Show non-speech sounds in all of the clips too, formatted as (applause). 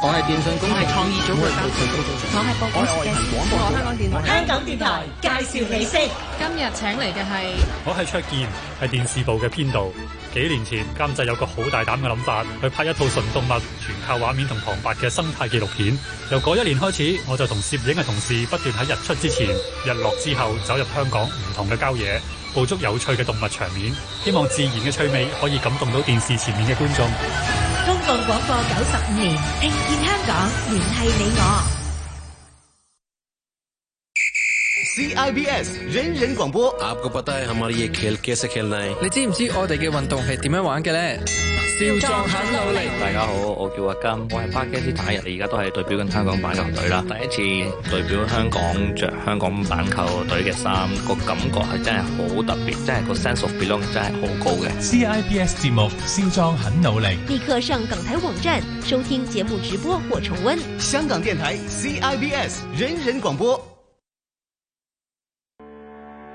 我係電信公係創意組，的組的的我係報導嘅香港電台香港電台介紹你先。今日請嚟嘅係我係卓健，係電視部嘅編導。幾年前監製有個好大膽嘅諗法，去拍一套純動物、全靠畫面同旁白嘅生態紀錄片。由嗰一年開始，我就同攝影嘅同事不斷喺日出之前、日落之後走入香港唔同嘅郊野，捕捉有趣嘅動物場面，希望自然嘅趣味可以感動到電視前面嘅觀眾。公共廣播九十五年，聽見香港，聯繫你我。CIBS 人人廣播。你知唔知我哋嘅運動係點樣玩嘅？肖壯很努力。大家好，我叫阿金，我係巴基斯坦人，而家都係代表緊香港板球隊啦。第一次代表香港着香港板球隊嘅衫，個感覺係真係好特別，真係個 sense of belong 真係好高嘅。CIBS 節目《肖壯很努力》，立刻上港台網站收聽節目直播或重温。香港電台 CIBS 人人廣播。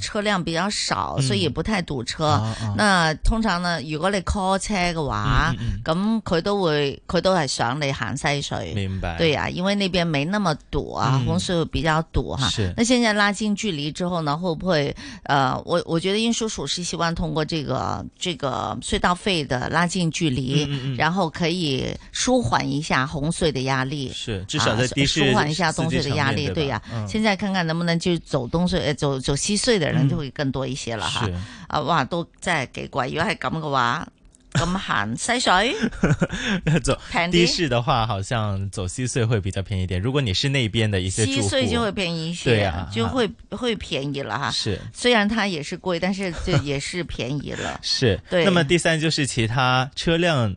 車輛比較少，所以也不太堵車。那通常呢，如果你 call 車嘅話，咁佢都會佢都係上嚟行西隧。明白。對呀，因為那邊沒那麼堵啊，紅隧比較堵哈。是。那現在拉近距離之後呢，會不會，呃，我我覺得英叔叔是希望通過這個這個隧道費的拉近距離，然後可以舒緩一下紅隧的壓力。是，至少在低水舒緩一下紅隧的壓力。對呀，現在看看能不能就走東隧，走走西。嗯、歲的人就會更多一些了哈。是啊。哇，都真係幾貴。如果係咁嘅話，咁行西水就平啲。低市的話，好像走西碎會比較便宜點。如果你是那邊的一些住戶，西歲就會便宜一些，對啊、就會、啊、會便宜了哈。是，雖然它也是貴，但是這也是便宜了。是，那麼第三就是其他車輛。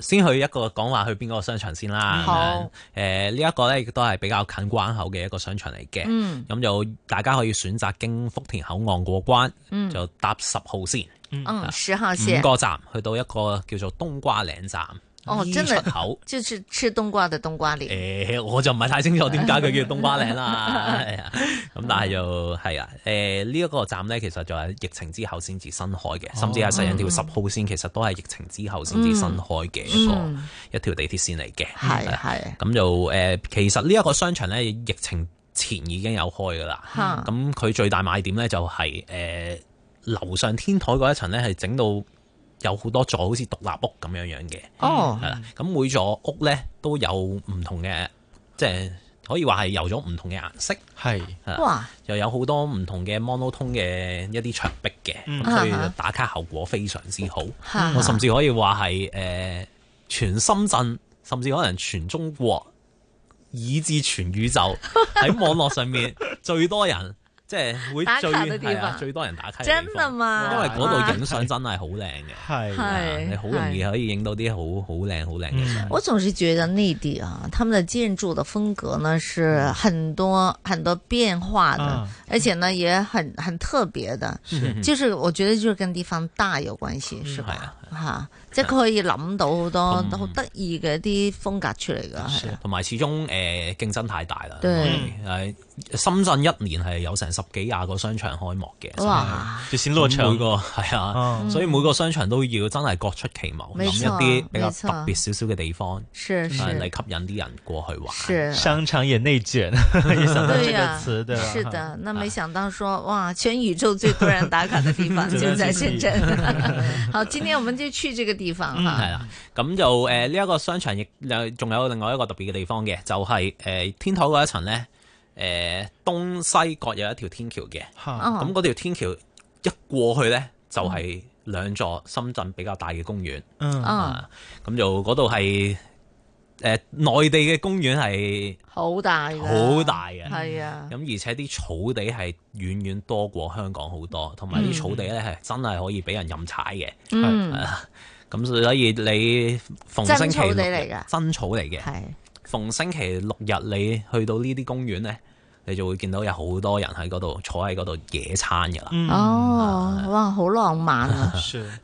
先去一個講話去邊個商場先啦，咁呢一個亦都係比較近關口嘅一個商場嚟嘅，咁就、嗯、大家可以選擇經福田口岸過關，嗯、就搭、嗯啊、十號線，嗯，十號線，五個站去到一個叫做冬瓜嶺站。哦，真係出口，即、就是吃冬瓜的冬瓜嶺。誒、 (laughs) 呃，我就唔係太清楚點解佢叫冬瓜嶺啦。咁 (laughs) 但係就係啊，誒呢一個站咧，其實就係疫情之後先至新開嘅，哦、甚至係西銀條十號線，嗯、其實都係疫情之後先至新開嘅一個一條地鐵線嚟嘅。係係、嗯。咁就誒，其實呢一個商場咧，疫情前已經有開噶啦。咁佢、嗯、最大賣點咧就係、是、誒、呃、樓上天台嗰一層咧係整到。有好多座好似獨立屋咁樣樣嘅，係啦、哦，咁每座屋呢都有唔同嘅，即係可以話係有咗唔同嘅顏色，係，又有好多唔同嘅 monoton 嘅一啲牆壁嘅，嗯、所以打卡效果非常之好。啊、哈我甚至可以話係誒全深圳，甚至可能全中國，以至全宇宙喺網絡上面 (laughs) 最多人。即係會最最多人打卡的地方真的嗎？哇因為嗰度影相真係好靚嘅，係哇，係好是容易可以影到啲好好靚好靚嘅相。我總是覺得內地啊，他們的建築的風格呢是很多很多變化的，啊、而且呢也很很特別的， (laughs) 就是我覺得就是跟地方大有關係，是吧？是啊吓，即係佢可以諗到好多好得意嘅一啲風格出嚟噶，同埋始終誒競爭太大啦，深圳一年係有成十幾廿個商場開幕嘅，哇！每個係啊，所以每個商場都要真係各出其謀，諗一啲比較特別少少嘅地方，係嚟吸引啲人過去玩。商場也內卷，意思即係此，對，是的。那沒想到說，哇！全宇宙最多人打卡嘅地方就在深圳。好，今天我們。就去這個地方係啦，咁、啊嗯、就誒呢一個商場亦仲有另外一個特別嘅地方嘅，就係、是、誒、呃、天台嗰一層呢。誒、呃、東西各有一條天橋嘅，咁嗰條天橋一過去呢，就係、是、兩座深圳比較大嘅公園，咁、嗯嗯啊、就嗰度係。誒，內地嘅公園係好大，好大嘅，係啊。咁而且啲草地係遠遠多過香港好多，同埋啲草地咧係真係可以俾人任踩嘅。嗯，咁所以你逢星期嚟嘅，真草嚟嘅，逢星期六日你去到呢啲公園呢，你就會見到有好多人喺嗰度坐喺嗰度野餐㗎啦。哦，哇，好浪漫啊！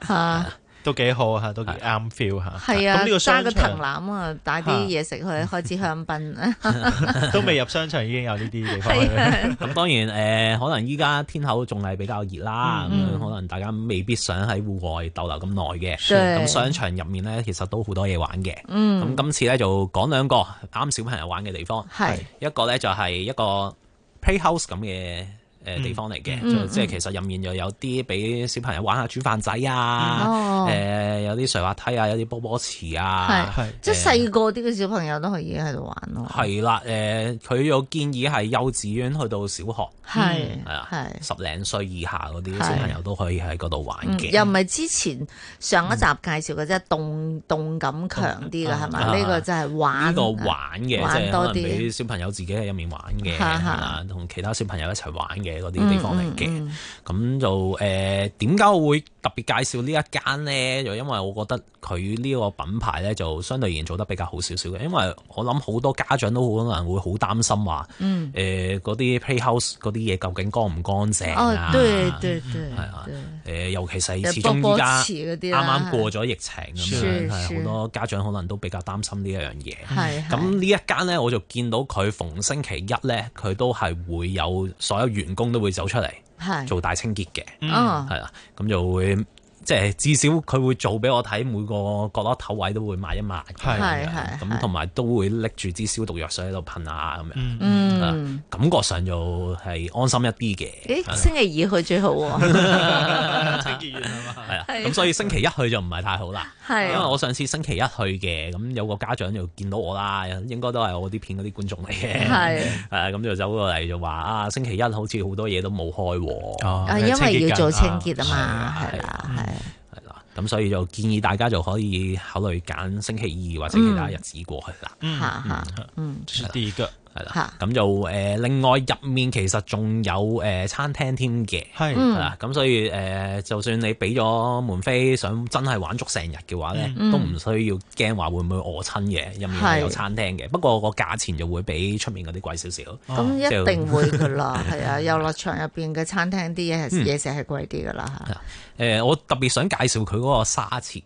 係。都幾好啊嚇，都幾啱 feel 嚇。係啊，咁呢個攜個藤籃啊，帶啲嘢食去，開支香檳。都未入商場已經有呢啲地方。咁當然誒，可能依家天口仲係比較熱啦，咁可能大家未必想喺戶外逗留咁耐嘅。咁商場入面咧，其實都好多嘢玩嘅。嗯。咁今次咧就講兩個啱小朋友玩嘅地方。係。一個咧就係一個 playhouse 咁嘅。誒地方嚟嘅，即係其實入面又有啲俾小朋友玩下煮飯仔啊，誒有啲水滑梯啊，有啲波波池啊，即係細個啲嘅小朋友都可以喺度玩咯。係啦，誒佢有建議係幼稚園去到小學，係係十零歲以下嗰啲小朋友都可以喺嗰度玩嘅。又唔係之前上一集介紹嘅啫，動動感強啲嘅係咪？呢個就係玩個玩嘅多啲，即係可能俾小朋友自己喺入面玩嘅，同其他小朋友一齊玩嘅。嘅啲地方嚟嘅，咁、嗯嗯、就誒點解我會特別介紹呢一間咧？就因為我覺得佢呢個品牌咧，就相對而言做得比較好少少嘅。因為我諗好多家長都好可能會好擔心話誒嗰啲 playhouse 嗰啲嘢究竟乾唔乾淨啊？哦、對、對、對啊對、呃！尤其是始終依家啱啱過咗疫情咁樣，係好多家長可能都比較擔心一一呢一樣嘢。咁呢一間咧，我就見到佢逢星期一咧，佢都係會有所有員工。都會走出嚟做大清潔嘅，係啦的，咁、嗯、就會。即係至少佢會做俾我睇，每個角落頭位都會抹一抹，係係咁，同埋都會拎住支消毒藥水喺度噴下咁樣，嗯，感覺上就係安心一啲嘅。星期二去最好，清潔完啊嘛，係啊，咁所以星期一去就唔係太好啦，係因為我上次星期一去嘅，咁有個家長就見到我啦，應該都係我啲片嗰啲觀眾嚟嘅，係咁就走過嚟就話啊，星期一好似好多嘢都冇開喎，因為要做清潔啊嘛，係啦，咁所以就建議大家就可以考慮揀星期二或者其他日子過去啦、嗯。嗯嗯嗯，這、嗯、是第一個。係啦，咁就誒、呃、另外入面其實仲有誒、呃、餐廳添嘅，係啦、嗯，咁所以誒、呃、就算你俾咗門飛，想真係玩足成日嘅話咧，嗯、都唔需要驚話會唔會餓親嘅，入面有餐廳嘅。是的 不過個價錢就會比出面嗰啲貴少少。咁、啊、就一定會噶啦，係啊， (laughs) 遊樂場入邊嘅餐廳啲嘢係嘢食係貴啲噶啦嚇。誒，我特別想介紹佢嗰個沙池。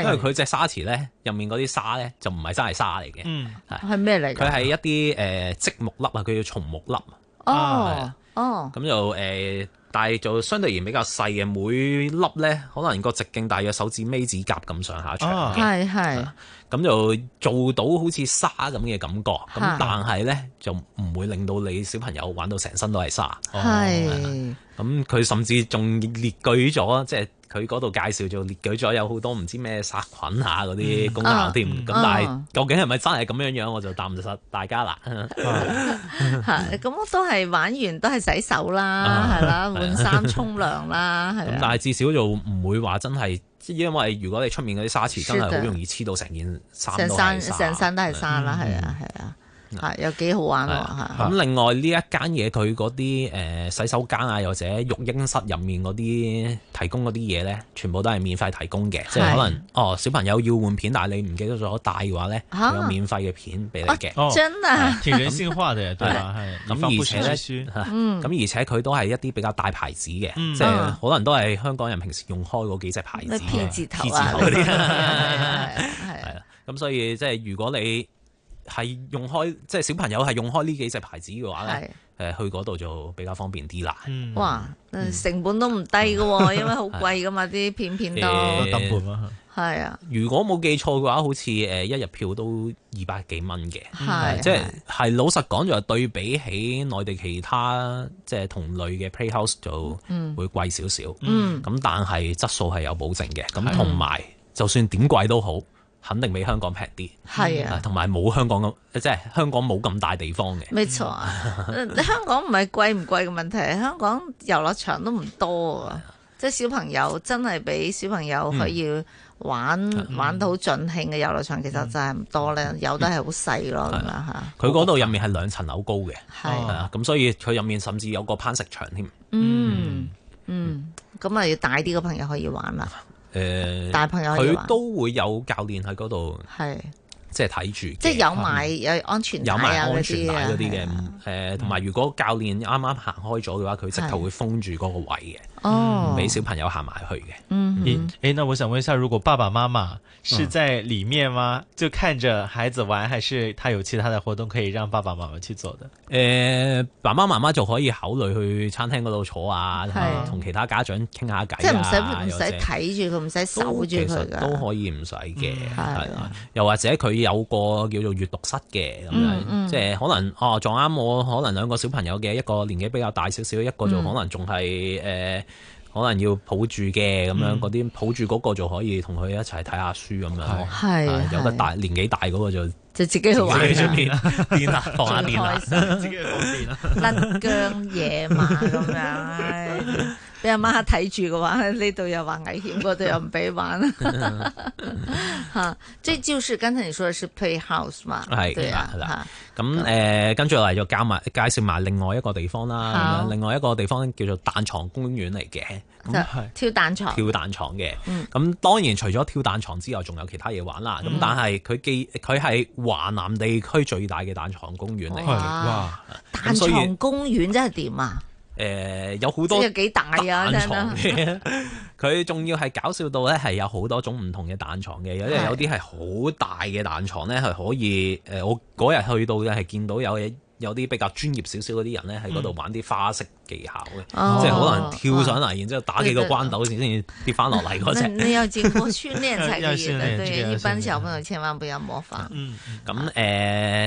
因為佢隻沙池咧，入面嗰啲沙咧就唔係真係沙嚟嘅，係係咩嚟？佢係一啲誒積木粒啊，佢叫松木粒哦，是哦。咁就誒、呃，但係就相對而比較細嘅，每粒咧可能個直徑大約手指尾指甲咁上下長嘅。係係、哦。咁、啊、就做到好似沙咁嘅感覺，咁但係咧就唔會令到你小朋友玩到成身都係沙。係、哦。咁佢是、啊嗯啊、甚至仲列舉咗，即係。就是佢嗰度介紹就列舉咗有好多唔知咩殺菌下嗰啲功效添，咁、嗯啊、但係究竟係咪真係咁樣樣，我就答唔出大家啦。咁我都係玩完都係洗手啦，係、啊、啦，換衫沖涼啦，咁但係至少就唔會話真係，因為如果你出面嗰啲沙池真係好容易黐到成件衫成身成身都係沙啦，係啊係啊。係，有幾好玩喎！咁另外呢一間嘢，佢嗰啲誒洗手間啊，或者育嬰室入面嗰啲提供嗰啲嘢咧，全部都係免費提供嘅，即係可能哦，小朋友要換片，但係你唔記得咗帶嘅話咧，有免費嘅片俾你嘅。真啊，條件先苛嘅，對啦。咁而且咧，咁而且佢都係一啲比較大牌子嘅，即係可能都係香港人平時用開嗰幾隻牌子嘅。字頭啊，字頭啲係啦。咁所以即係如果你係用開，即係小朋友係用開呢幾隻牌子嘅話咧，誒是去嗰度就比較方便啲啦。哇、嗯，成本都唔低嘅，因為好貴噶嘛啲片片都。係啊、嗯，如果冇記錯嘅話，好似誒一日票都二百幾蚊嘅，係即係係老實講就係對比起內地其他即係同類嘅 Playhouse 就嗯會貴少少，嗯咁但係質素係有保證嘅，咁同埋就算點貴都好。肯定比香港平啲，係啊，同埋冇香港咁，即係香港冇咁大地方嘅。冇錯啊，香港唔係貴唔貴嘅問題，香港遊樂場都唔多啊，即係小朋友真係比小朋友可以玩玩到好盡興嘅遊樂場，其實真係唔多咧，有得係好細咯咁啊嚇。佢嗰度入面係兩層樓高嘅，係啊，咁所以佢入面甚至有個攀石場添。嗯嗯，咁啊要大啲嘅朋友可以玩啦。呃，大朋友，佢都會有教練喺嗰度，係是即係睇住，即係是有埋有安全帶啊嗰啲嘅，誒，同埋如果教練啱啱行開咗嘅話，佢直頭會封住嗰個位嘅。嗯、哦，俾小朋友行埋去嘅。嗯、誒、欸，那我想問一下，如果爸爸媽媽是在裏面嗎？嗯、就看着孩子玩，還是佢有其他嘅活動可以讓爸爸媽媽去做嘅？誒、欸，爸爸媽媽就可以考慮去餐廳嗰度坐啊，同其他家長傾下偈，即係唔使睇住佢，唔使守住佢都可以唔使嘅。係、嗯、又或者佢有個叫做閱讀室嘅咁樣，就是、嗯嗯即係可能哦，撞啱我可能兩個小朋友嘅一個年紀比較大少少，一個就可能仲係誒。可能要抱住嘅咁樣，嗰啲抱住嗰個就可以同佢一齊睇下書咁樣咯，Okay. 有個大年紀大嗰個就。就自己去玩，癲啦，放下癲啦，新疆野馬咁樣，俾阿媽睇住嘅話，呢度又話危險，嗰度又唔俾玩。吓，這就是剛才你說嘅是 Playhouse 嘛？係，對啊，咁誒，跟住我嚟就教埋、介紹埋另外一個地方啦。另外一個地方叫做彈床公園嚟嘅，就係跳彈床。跳彈床嘅，咁當然除咗跳彈床之外，仲有其他嘢玩啦。咁但係佢既佢係。華南地區最大嘅彈床公園嚟，啊、哇！彈床公園真係點啊？誒、呃，有好多，即幾大啊！佢仲、啊、床 (laughs) 要係搞笑到咧，係有好多種唔同嘅彈床嘅，有啲有啲係好大嘅彈床咧，係可以誒，的我嗰日去到嘅係見到有嘢。有啲比較專業少少嗰啲人咧，喺嗰度玩啲花式技巧嘅，嗯、即係好難跳上嚟，然之後打幾個關鬥先，先跌翻落嚟嗰隻。你有自我訓練才嘅嘢，對一般小朋友，千萬不要模仿。咁誒、嗯，嗯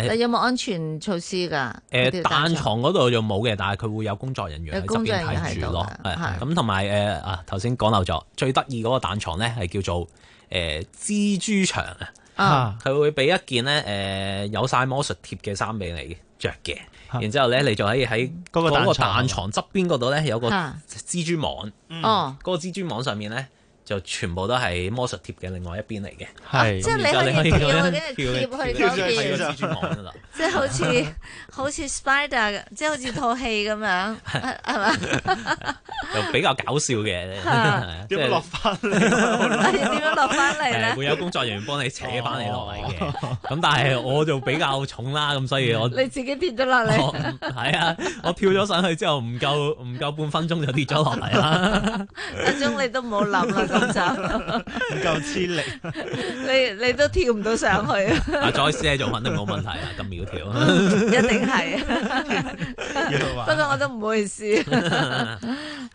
呃、有冇安全措施㗎？誒、呃、彈牀嗰度就冇嘅，但係佢會有工作人員喺側邊睇住咯。咁，同埋誒啊頭先講漏咗最得意嗰個彈牀咧，係叫做誒、呃、蜘蛛牆啊！佢會俾一件呢，誒、呃、有晒魔術貼嘅衫俾你嘅。着嘅，然之後咧，你就可以喺嗰個彈牀側邊嗰度咧，有個蜘蛛網，嗰個蜘蛛網上面咧。就全部都係魔術貼嘅另外一邊嚟嘅，係即係你係跳去跟去嗰邊蜘蛛網噶，即係好似好似 Spider 嘅，即係好似套戲咁樣，係嘛？就比較搞笑嘅，點樣落翻嚟？點樣落翻嚟咧？會有工作人員幫你扯翻你落嚟嘅，咁但係我就比較重啦，咁所以我你自己跌咗落嚟，係啊！我跳咗上去之後唔夠唔夠半分鐘就跌咗落嚟啦，一鐘你都冇諗啦。唔夠恥力 (laughs) 你你都跳唔到上去啊！再卸咗，肯定冇問題啊！咁苗條，一定係、啊。 (laughs) (laughs) 不過我都唔好意思。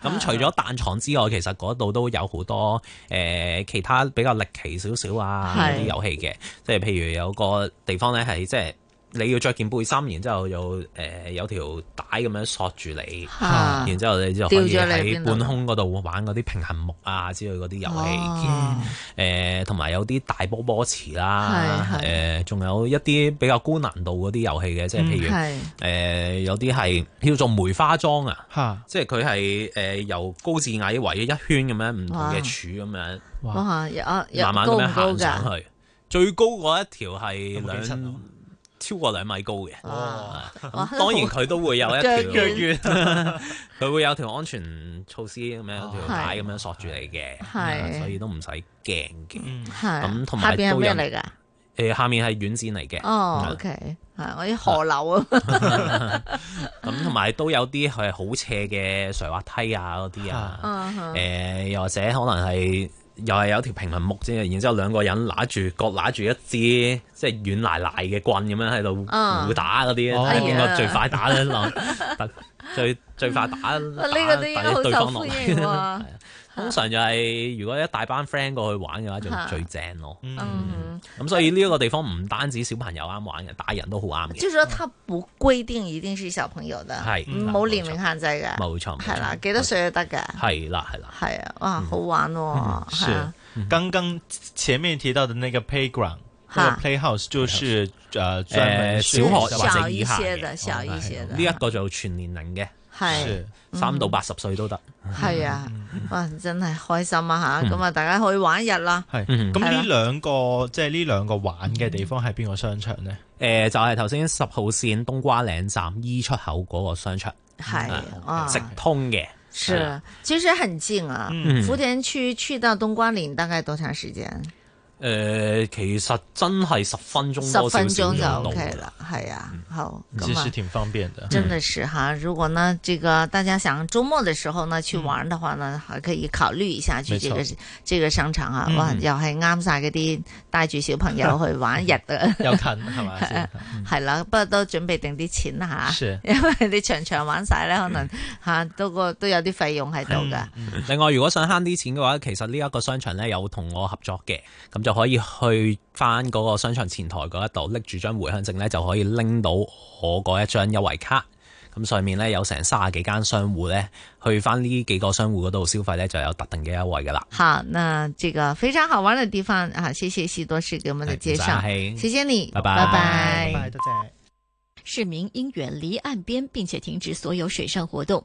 咁除咗彈床之外，其實嗰度都有好多誒其他比較力奇少少啊啲是遊戲嘅，即係譬如有個地方咧係即係。就是你要着件背心，然之後誒有條帶咁樣索住你，然之後你就可以喺半空嗰度玩嗰啲平衡木啊之類嗰啲遊戲誒，同埋有啲大波波池啦，誒，仲有一啲比較高難度嗰啲遊戲嘅，即係譬如誒有啲係叫做梅花樁啊，即係佢係誒由高至矮圍咗一圈咁樣唔同嘅柱咁樣，慢慢咁樣行上去，最高嗰一條係兩，超過兩米高嘅。咁當然佢都會有一條，佢會有條安全措施咁樣，條帶咁樣索住你嘅，所以都唔使驚嘅。係咁，同埋下邊係咩嚟噶？誒，下面係軟線嚟嘅。哦，OK，係我啲河流啊。咁同埋都有啲係好斜嘅水滑梯啊，嗰啲啊。誒，又或者可能係。又係有條平衡木先，然之後兩個人拿住各拿住一支，即係軟賴賴嘅棍咁樣喺度互打嗰啲，睇邊個、哦、最快打咧，哦、 (laughs) 最最快打。啊、嗯，呢打個啲都好受歡迎。 (laughs) 通常就係如果一大班 friend 過去玩嘅話，就最正咯。嗯，咁所以呢一個地方唔單止小朋友啱玩嘅，大人都好啱嘅。即係佢冇規定一定是小朋友嘅，係冇年齡限制嘅，冇錯。係啦，幾多歲都得嘅。係啦，係啦。係啊，哇，好玩喎！是，剛剛前面提到的那個 playground、個 playhouse，就是誒專門小學或者以下嘅，小一些的，呢一個就全年齡嘅。係，三是到八十歲都得。係啊，哇，真係開心啊吓！咁啊、嗯，大家可以玩一日啦。係，咁呢兩個、啊、即係呢兩個玩嘅地方係邊個商場呢誒、嗯嗯嗯嗯呃，就係頭先十號線冬瓜嶺站 E 出口嗰個商場。係，直通嘅、啊啊啊。其實很近啊。嗯、福田區去到冬瓜嶺大概多長時間？誒，其實真係十分鐘十分鐘就 OK 啦，係啊，好，真是挺方便嘅。真的是哈，如果呢，這個大家想周末嘅時候呢去玩的話呢，可以考慮一下去這個這個商場啊，哇，又係啱晒嗰啲帶住小朋友去玩日嘅，又近係咪？係啦，不過都準備定啲錢啦吓，因為你場場玩晒呢，可能吓到個都有啲費用喺度噶。另外，如果想慳啲錢嘅話，其實呢一個商場呢，有同我合作嘅，咁就就可以去翻嗰個商場前台嗰一度拎住張回鄉證呢，就可以拎到我嗰一張優惠卡。咁上面呢，有成三十幾間商戶呢，去翻呢幾個商戶嗰度消費呢，就有特定嘅優惠噶啦。好，那這個非常好玩的地方啊，謝謝西多士給我們的介紹，謝謝你，拜拜拜拜，bye bye bye bye，多謝市民應遠離岸邊，並且停止所有水上活動。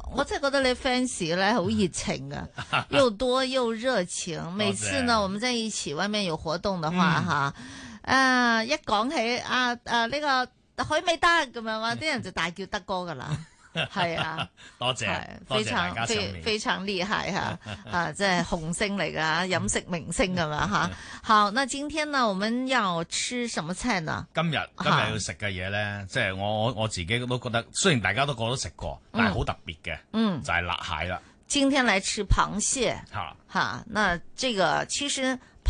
我真係覺得你 fans 咧好熱情啊，又多又熱情。 (laughs) 每次呢，我們在一起外面有活動的話，哈、嗯，誒、啊、一講起啊誒呢、啊這個許美德咁樣話，啲人就大叫德哥噶啦。 (laughs) 係啊，多謝，非常非常，非常厲害吓、啊，吓即係紅星嚟噶吓，飲 (laughs) 食明星咁樣吓。好，那今天呢，我們要吃什麼菜呢？今日今日要食嘅嘢呢即係、啊、我我自己都覺得，雖然大家都過都食過，但係好特別嘅，嗯，就係辣蟹啦、嗯。今天來吃螃蟹，哈吓、啊啊，那這個其實。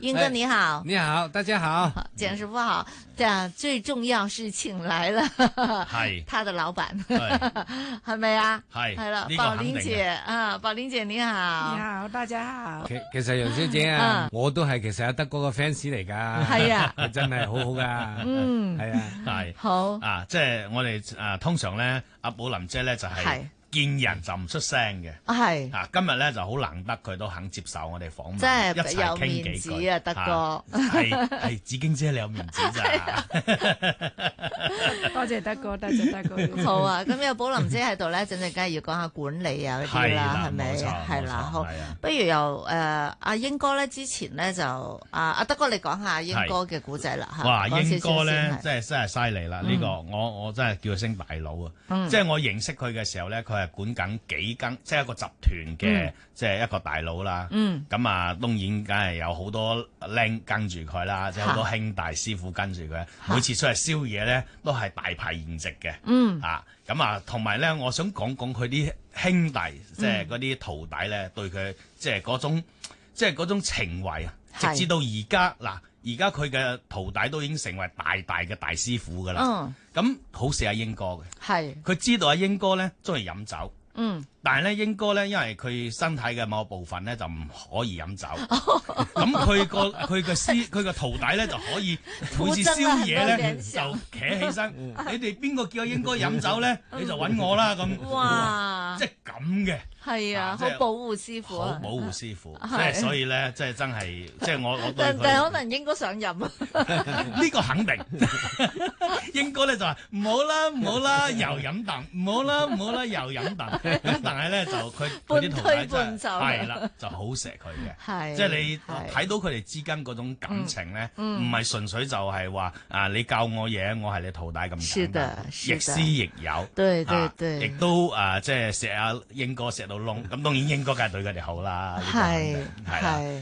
英哥你好，你好，大家好，簡師傅好，講最重要事情來了，係，他的老闆，係咪啊？係，係啦，寶琳姐，啊，寶琳姐你好，你好，大家好。其其實楊小姐啊，我都係其實阿德國嘅 fans 嚟噶，係啊，真係好好噶，嗯，係啊，係，好，啊，即係我哋啊，通常咧，阿寶琳姐咧就係。見人就唔出聲嘅，係啊！今日咧就好難得，佢都肯接受我哋訪問，即係有面子啊！德哥係係紫荊姐，你有面子咋？多謝德哥，多謝德哥。好啊！咁有寶林姐喺度咧，陣陣梗係要講下管理啊啲啦，係咪？係啦，好，不如由誒阿英哥咧，之前咧就啊阿德哥，你講下英哥嘅古仔啦嚇。哇！英哥咧真係真係犀利啦！呢個我我真係叫佢聲大佬啊！即係我認識佢嘅時候咧，佢。管緊幾間，即係一個集團嘅，嗯、即係一個大佬啦。咁、嗯、啊，東當然梗係有好多僆跟住佢啦，即係好多兄弟師傅跟住佢。啊、每次出嚟宵夜咧，都係大排筵席嘅。嗯，啊，咁啊，同埋咧，我想講講佢啲兄弟，即係嗰啲徒弟咧，嗯、對佢即係嗰種，即係嗰種情懷啊。直至到而家，嗱是，而家佢嘅徒弟都已經成為大大嘅大師傅㗎喇。哦。咁好錫阿英哥嘅，係是，佢知道阿英哥咧中意飲酒。嗯。但係咧，英哥咧，因為佢身體嘅某部分咧就唔可以飲酒，咁佢個佢個師佢個徒弟咧就可以，好似宵夜咧就企起身，你哋邊個叫英哥飲酒咧？你就揾我啦咁。哇！即係咁嘅。係啊，好保護師傅，好保護師傅，即係所以咧，即係真係，即係我我都。但係可能英哥想飲。呢個肯定。英哥咧就話唔好啦，唔好啦，又飲啖。唔好啦，唔好啦，又飲啖。但係咧就佢嗰啲徒弟真係係啦，就好錫佢嘅，即係你睇到佢哋之間嗰種感情咧，唔係純粹就係話啊，你教我嘢，我係你徒弟咁簡單。是的，亦師亦友。對對對，亦都啊，即係錫阿英哥錫到窿，咁當然英哥梗係對佢哋好啦。係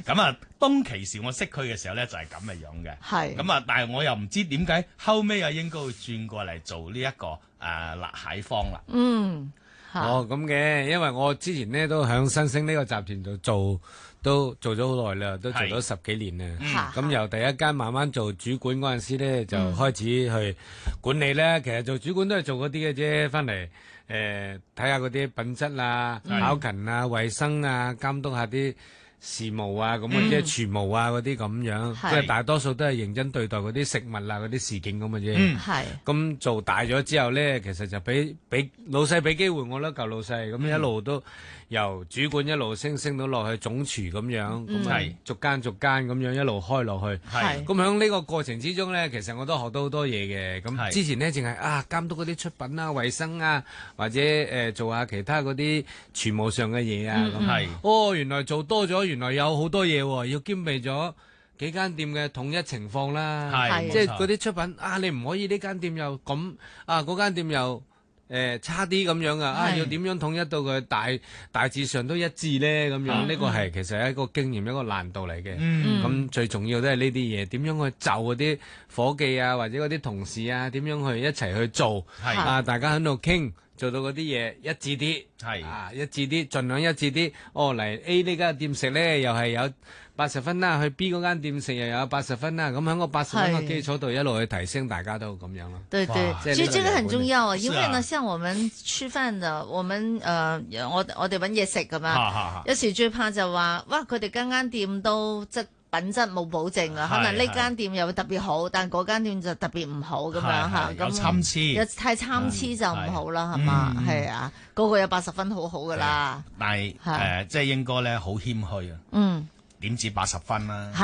咁啊，當其時我識佢嘅時候咧，就係咁嘅樣嘅。係咁啊，但係我又唔知點解後尾啊，英哥會轉過嚟做呢一個啊辣蟹舫啦。嗯。哦，咁嘅，因為我之前咧都喺新星呢個集團度做，都做咗好耐啦，都做咗十幾年啦。咁是由第一間慢慢做主管嗰陣時咧，就開始去管理啦。其實做主管都係做嗰啲嘅啫，翻嚟誒睇下嗰啲品質啊、是考勤啊、衛生啊，監督下啲。事務啊，咁、嗯、即啫，廚務啊，嗰啲咁樣，即係大多數都係認真對待嗰啲食物啦、啊，嗰啲事件咁嘅啫。嗯，係。咁做大咗之後咧，其實就俾俾老細俾機會，我啦，舊老細，咁一路都。由主管一路升升到落去總廚咁樣，咁係逐間逐間咁樣一路開落去。係咁喺呢個過程之中呢，其實我都學到好多嘢嘅。咁之前呢，淨係啊監督嗰啲出品啊、衛生啊，或者、呃、做下其他嗰啲廚務上嘅嘢啊。咁係、嗯嗯、是哦，原來做多咗，原來有好多嘢喎、啊，要兼備咗幾間店嘅統一情況啦。即係嗰啲出品啊，你唔可以呢間店又咁啊，嗰間店又。誒、呃，差啲咁樣啊！是啊，要點樣統一到佢大大致上都一致呢？咁樣呢、uh huh. 個係其實係一個經驗，一個難度嚟嘅。咁、mm hmm. 最重要都係呢啲嘢，點樣去就嗰啲伙計啊，或者嗰啲同事啊，點樣去一齊去做？的啊，大家喺度傾，做到嗰啲嘢一致啲，係的啊，一致啲，盡量一致啲。哦，嚟 A 呢間店食呢，又係有。八十分啦，去 B 嗰間店食又有八十分啦，咁喺個八十分嘅基礎度一路去提升，大家都咁樣咯。對對，所以這個很重要啊，因為咧，像我們出翻就，我們誒，我我哋搵嘢食咁啊，有時最怕就話，哇，佢哋間間店都即品質冇保證啊，可能呢間店又會特別好，但嗰間店就特別唔好咁樣吓，咁參差，有太參差就唔好啦，係嘛，係啊，個個有八十分好好噶啦。但係誒，即係應該咧，好謙虛啊。嗯。點止八十分啦，係、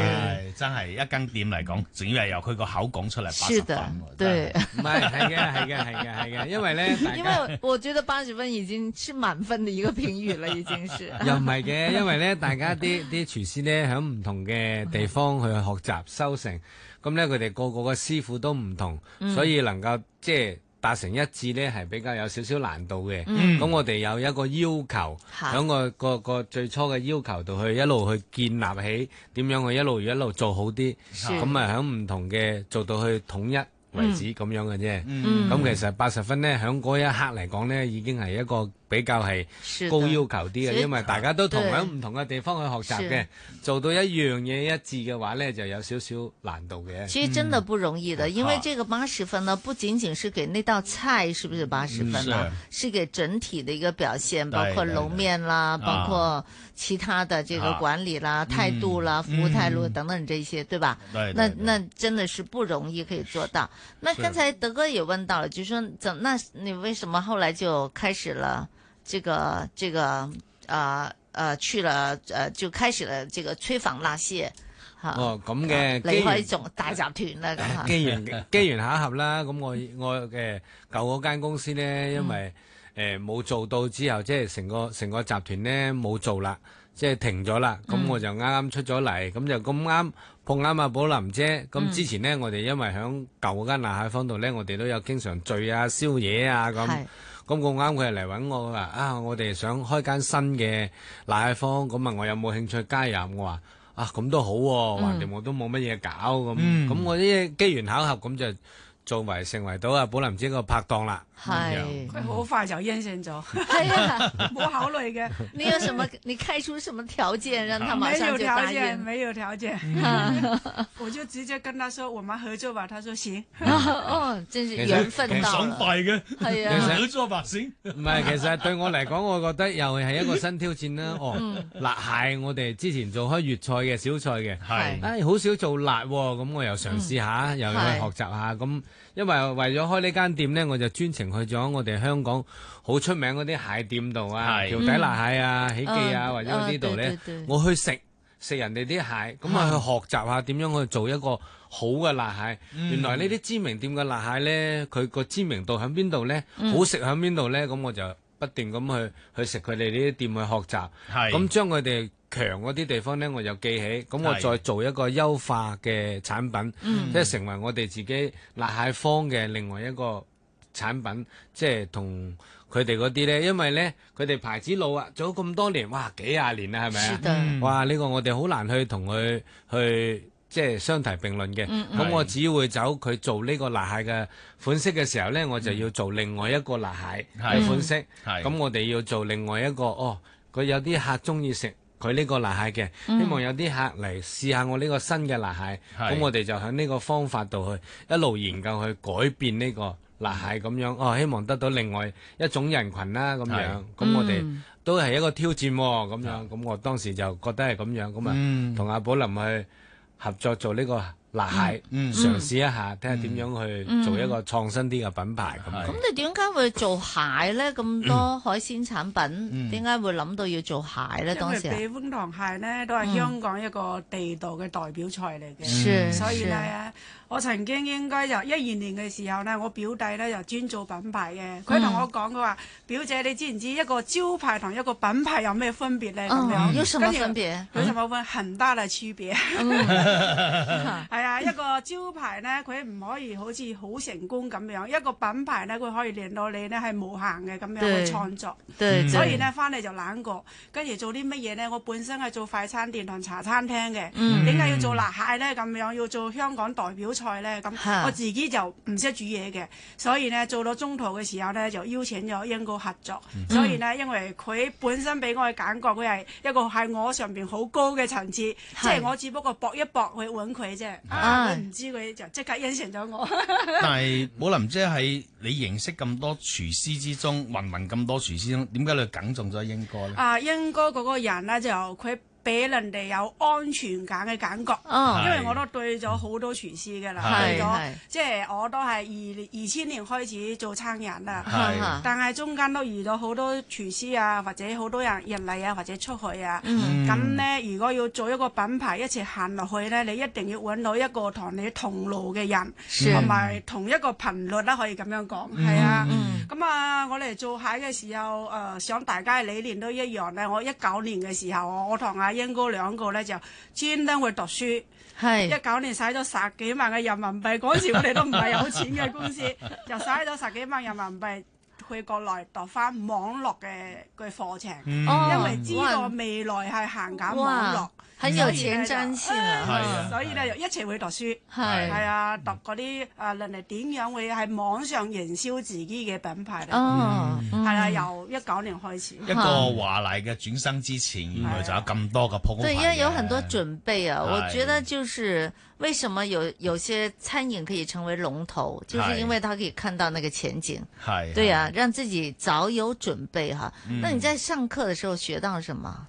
啊、真係一間店嚟講，仲要係由佢個口講出嚟八十分，對唔係係嘅係嘅係嘅係嘅，因為咧，大家 (laughs) 因為我覺得八十分已經是滿分嘅一個評語啦，已經是 (laughs) 又唔係嘅，因為咧，大家啲啲廚師咧響唔同嘅地方去學習收成，咁咧佢哋個個嘅師傅都唔同，嗯、所以能夠即係。達成一致呢，係比較有少少難度嘅。咁、嗯、我哋有一個要求，喺個個，個最初嘅要求度去一路去建立起，點樣去一路一路做好啲。咁啊了，喺唔同嘅做到去統一為止咁、嗯、樣嘅啫。咁、嗯、其實八十分呢，響嗰一刻嚟講呢，已經係一個。比較係高要求啲嘅，因為大家都同樣唔同嘅地方去學習嘅，做到一樣嘢一致嘅話呢，就有少少難度嘅。其實真的不容易的，因為這個八十分呢，不僅僅是給那道菜，是不是八十分呢？是給整體嘅一個表現，包括樓面啦，包括其他的這個管理啦、態度啦、服務態度等等這些，對吧？那那真的是不容易可以做到。那剛才德哥也問到了，就說怎？那你為什麼後來就開始了？這個這個誒誒去了誒，就開始了這個催訪那些，哦咁嘅，然後你可以做大集團啦，機緣機緣巧合啦，咁我我嘅舊嗰間公司咧，因為誒冇做到之後，即係成個成個集團咧冇做啦，即係停咗啦，咁我就啱啱出咗嚟，咁就咁啱碰啱阿寶琳姐，咁之前咧我哋因為響舊嗰間辣蟹舫度咧，我哋都有經常聚啊、宵夜啊咁。咁咁啱佢嚟揾我啦，啊！我哋想開間新嘅蟹舫，咁問我有冇興趣加入，我話啊咁都好喎，啊，橫掂，嗯、我都冇乜嘢搞，咁咁、嗯、我啲機緣巧合咁就。做埋成為到阿寶琳姐個拍檔啦，係佢好快就應承咗，係啊，冇考慮嘅。你有什麼？你開出什麼條件？讓他沒有條件，沒有條件，我就直接跟他說，我們合作吧。他說行。哦，真是緣分啊！其實爽快嘅係啊，合作吧先。唔係，其實對我嚟講，我覺得又係一個新挑戰啦。哦，辣蟹我哋之前做開粵菜嘅小菜嘅，係，好少做辣，咁我又嘗試下，又去學習下咁。因為為咗開呢間店呢，我就專程去咗我哋香港好出名嗰啲蟹店度啊，橋是底辣蟹啊、喜記啊，啊啊或者呢度呢。啊、對對對我去食食人哋啲蟹，咁啊去學習下點樣去做一個好嘅辣蟹。嗯、原來呢啲知名店嘅辣蟹呢，佢個知名度喺邊度呢？好食喺邊度呢？咁、嗯、我就不斷咁去去食佢哋呢啲店去學習，咁是將佢哋。強嗰啲地方呢，我又記起，咁我再做一個優化嘅產品，的嗯、即係成為我哋自己辣蟹舫嘅另外一個產品，即係同佢哋嗰啲呢。因為呢，佢哋牌子老啊，做咗咁多年，哇幾廿年啦，係咪啊？的嗯、哇！呢個我哋好難去同佢去即係相提並論嘅。咁我只會走佢做呢個辣蟹嘅款式嘅時候呢，我就要做另外一個辣蟹嘅款式。咁的、嗯、我哋要做另外一個，哦，佢有啲客中意食。佢呢個辣蟹嘅，希望有啲客嚟試下我呢個新嘅辣蟹。咁、嗯、我哋就響呢個方法度去一路研究去改變呢個辣蟹咁樣，哦，希望得到另外一種人群啦咁樣，咁、嗯、我哋都係一個挑戰咁樣、哦，咁、嗯、我當時就覺得係咁樣咁，啊同阿寶琳去合作做呢、這個。辣蟹，嘗試一下，睇下點樣去做一個創新啲嘅品牌咁。咁你點解會做蟹咧？咁多海鮮產品，點解會諗到要做蟹咧？當時啊，因為避風塘蟹咧都係香港一個地道嘅代表菜嚟嘅，所以咧我曾經應該由一二年嘅時候咧，我表弟咧就專做品牌嘅。佢同我講，佢話：表姐，你知唔知一個招牌同一個品牌有咩分別咧？咁樣有什麼分別？佢就麼分？很大嘅區別。係啊，一個招牌咧，佢唔可以好似好成功咁樣。一個品牌咧，佢可以令到你咧係無限嘅咁樣去對創作。對，所以咧翻嚟就懶過。跟住做啲乜嘢咧？我本身係做快餐店同茶餐廳嘅，點解、嗯、要做辣蟹咧？咁樣要做香港代表菜咧？咁我自己就唔識煮嘢嘅，所以咧做到中途嘅時候咧，就邀請咗英哥合作。嗯、所以咧，因為佢本身俾我嘅感覺，佢係一個喺我上面好高嘅層次，即係是我只不過搏一搏去揾佢啫。啊！唔知佢就即刻應承咗我。 (laughs) 但係寶琳姐喺你認識咁多廚師之中，芸芸咁多廚師中，點解你揀中咗英哥咧？啊，英哥嗰個人咧就佢。俾人哋有安全感嘅感覺，哦、因為我都對咗好多廚師㗎啦，對咗，即係我都係二二千年開始做餐飲啦，是但係中間都遇到好多廚師啊，或者好多人入嚟啊，或者出去啊，咁、嗯、呢，如果要做一個品牌一齊行落去呢，你一定要揾到一個同你同路嘅人，同埋是同一個頻率啦、啊，可以咁樣講，係、嗯、啊，咁、嗯、啊我嚟做蟹嘅時候，誒、呃、想大家理念都一樣咧，我一九年嘅時候我同阿英哥兩個呢，就專登去讀書，是一九年使咗十幾萬嘅人民幣。嗰 (laughs) 時我哋都唔係有錢嘅公司， (laughs) 就使咗十幾萬人民幣去國內讀翻網絡嘅嘅課程，嗯、因為知道未來係行緊網絡。哦。很有前瞻性啊，所以呢，一齊會讀書，係係啊，讀嗰啲誒嚟嚟點樣會喺網上營銷自己嘅品牌哦，係啦的，由一九年開始，一個華麗嘅轉身之前，原來就有咁多嘅鋪墊。對，因為有很多準備啊，我覺得就是為什麼有有些餐飲可以成為龍頭，就是因為他可以看到那個前景，係的對啊，讓自己早有準備哈、啊。嗯、那你在上課嘅時候學到什麼？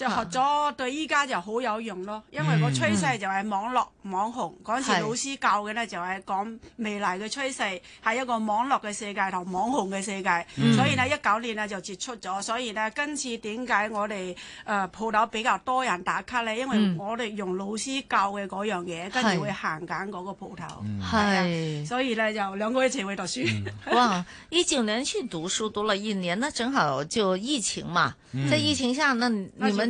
就學咗對依家就好有用咯，因為個趨勢就係網絡、嗯、網紅。嗰陣時老師教嘅呢，是就係講未來嘅趨勢係一個網絡嘅世界同網紅嘅世界，嗯、所以呢，一九年咧就接觸咗。所以呢，今次點解我哋誒鋪頭比較多人打卡呢？因為我哋用老師教嘅嗰樣嘢，嗯、跟住會行緊嗰個鋪頭，係是、嗯、啊，所以呢，就兩個一齊去讀書。嗯、 (laughs) 哇！一九年去讀書讀了一年，呢，正好就疫情嘛，嗯、在疫情下呢，那你們。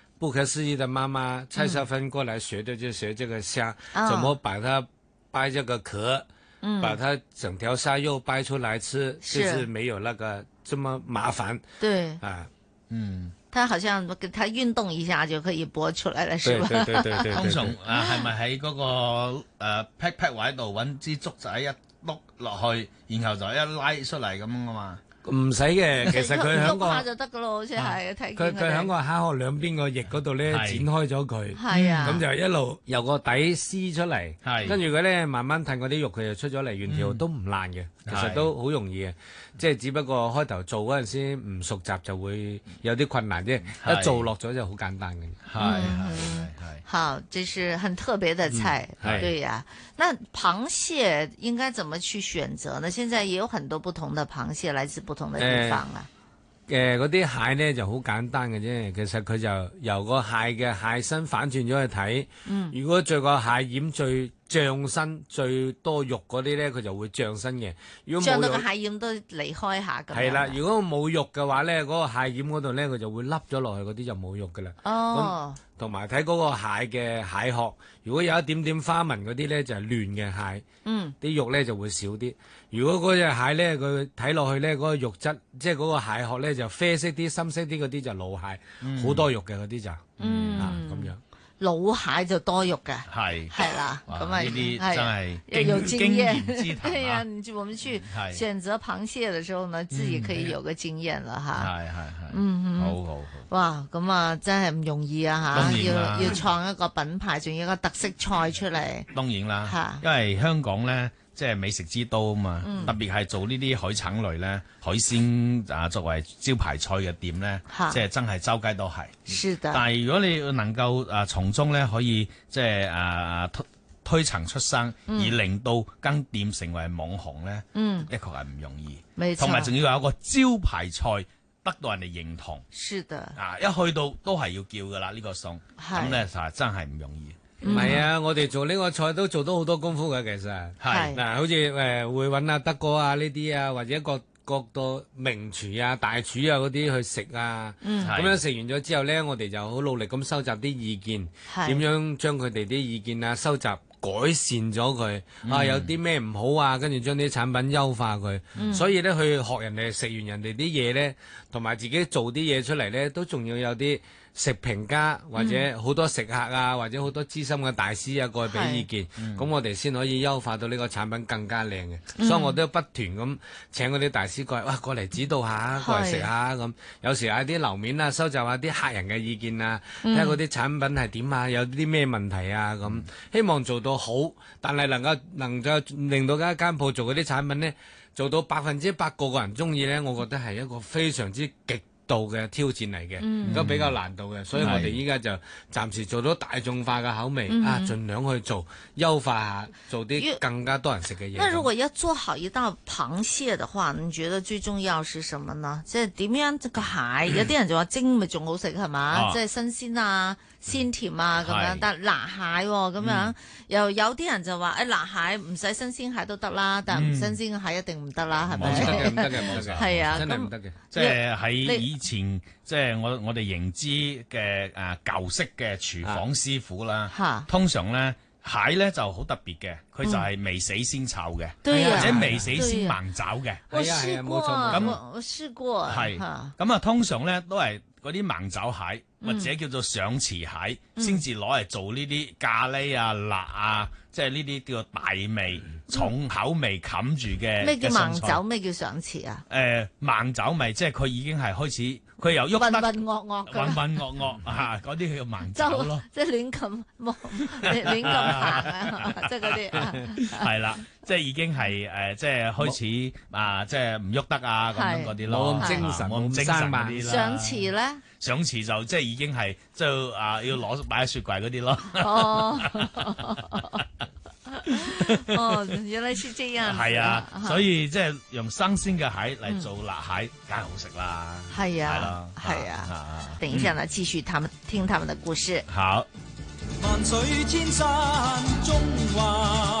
不可思議的媽媽蔡少芬過來學的就學這個蝦，嗯哦、怎麼把它掰這個殼，嗯、把它整條蝦肉掰出來吃，是就是沒有那個這麼麻煩。對，啊，嗯，他好像給他運動一下就可以剝出來了，是吧，對對對對對。蒼蟲啊，係咪喺嗰個誒 pat pat 位度揾支竹仔一碌落去，然後就一拉出嚟咁樣啊嘛？唔使嘅，其實佢喺、嗰個佢佢喺個蝦殼兩邊個翼嗰度咧剪開咗佢，咁、啊嗯、就一路由個底撕出嚟，跟住佢咧慢慢褪嗰啲肉，佢就出咗嚟，原條都唔爛嘅，嗯、其實都好容易嘅。是即係只不過開頭做嗰陣時唔熟習就會有啲困難啫，嗯、一做落咗就好簡單嘅。好，係係，這是很特別的菜，嗯、對呀、啊。那螃蟹應該怎麼去選擇呢？現在也有很多不同的螃蟹來自不同的地方啦、啊。誒、呃，嗰、呃、啲蟹呢就好簡單嘅啫，其實佢就由，由個蟹嘅蟹身反轉咗去睇。嗯、如果著個蟹染最脹身最多肉嗰啲咧，佢就會漲身嘅。如果漲到個蟹殼都離開一下㗎。係啦，如果冇肉嘅話咧，嗰、嗰個蟹殼嗰度咧，佢就會凹咗落去，嗰啲就冇肉㗎啦。哦，同埋睇嗰個蟹嘅蟹殼，如果有一點點花紋嗰啲咧，就係、是、嫩嘅蟹。嗯，啲肉咧就會少啲。如果嗰隻蟹咧，佢睇落去咧，嗰、嗰個肉質，即係嗰個蟹殼咧，就啡色啲、深色啲嗰啲就老蟹，好、嗯、多肉嘅嗰啲就，嗯、啊咁樣。老蟹就多肉嘅，係係啦，咁啊呢啲真係有經驗，係啊，唔知我們去選擇螃蟹嘅時候，呢自己可以有個經驗啦，吓，係係係，嗯，好好好，哇，咁啊真係唔容易啊，吓，要要創一個品牌，仲要一個特色菜出嚟，當然啦，吓，因為香港咧。即係美食之都啊嘛，特別係做呢啲海產類咧，海鮮啊作為招牌菜嘅店咧，即係真係周街都係。是的。但係如果你能夠啊從中咧可以即係啊推推陳出新，而令到間店成為網紅咧，嗯、的確係唔容易。同埋仲要有一個招牌菜得到人哋認同。是的。啊！一去到都係要叫㗎喇、這個、呢個餸，咁咧就真係唔容易。唔係 (noise) 啊！我哋做呢個菜都做到好多功夫㗎。其實係嗱，好似誒會揾啊德哥啊呢啲啊，或者各各個名廚啊、大廚啊嗰啲去食啊，咁、嗯、樣食完咗之後呢，我哋就好努力咁收集啲意見，點是樣將佢哋啲意見啊收集改善咗佢、嗯、啊，有啲咩唔好啊，跟住將啲產品優化佢。嗯、所以呢，去學人哋食完人哋啲嘢呢，同埋自己做啲嘢出嚟呢，都仲要有啲。食評家或者好多食客啊，嗯、或者好多資深嘅大師啊過去俾意見，咁、嗯、我哋先可以優化到呢個產品更加靚嘅。嗯、所以我都不斷咁請嗰啲大師過嚟，哇，過嚟指導下，過嚟食下咁是。有時喺啲樓面啊，收集下啲客人嘅意見啊，睇下嗰啲產品係點啊，有啲咩問題啊咁。希望做到好，但係能夠能夠令到一間鋪做嗰啲產品呢，做到百分之百個個人中意呢。我覺得係一個非常之極度嘅挑戰嚟嘅，嗯、都比較難度嘅，所以我哋依家就暫時做咗大眾化嘅口味的啊，儘量去做優化下，做啲更加多人食嘅嘢。如果要做好一道螃蟹嘅話，你覺得最重要是什麼呢？即係點樣？這個蟹 (coughs) 有啲人就話蒸咪仲好食係嘛？是啊、即係新鮮啊。鮮甜啊咁樣，但辣蟹喎咁樣，又有啲人就話誒辣蟹唔使新鮮蟹都得啦，但唔新鮮嘅蟹一定唔得啦，係咪？唔得嘅，唔得嘅，冇錯。係啊，真係唔得嘅。即係喺以前，即係我我哋認知嘅誒舊式嘅廚房師傅啦，通常咧蟹咧就好特別嘅，佢就係未死先臭嘅，或者未死先盲爪嘅。我試過，咁我試過。係。咁啊，通常咧都係。嗰啲盲爪蟹或者叫做上池蟹，先至攞嚟做呢啲咖喱啊、辣啊。即係呢啲叫大味、重口味冚住嘅。咩叫盲酒？咩叫上廁啊？誒，盲酒咪即係佢已經係開始，佢又喐得。渾渾噩噩咁。渾渾噩噩嚇，嗰啲叫盲酒咯。即係亂咁冇，亂亂咁下，即係嗰啲。係啦，即係已經係誒，即係開始啊，即係唔喐得啊，咁樣嗰啲咯。冇咁精神，冇咁精神嗰啲咯。上廁咧？上廁就即係已經係即係啊，要攞擺喺雪櫃嗰啲咯。哦。 (laughs) 哦，原來是這樣。係啊，啊，所以即係用新鮮嘅蟹嚟做辣蟹，梗係、嗯、好食啦。係啊，係啊。等一下啦，繼、嗯、續他們聽他們的故事。好。萬水千山中華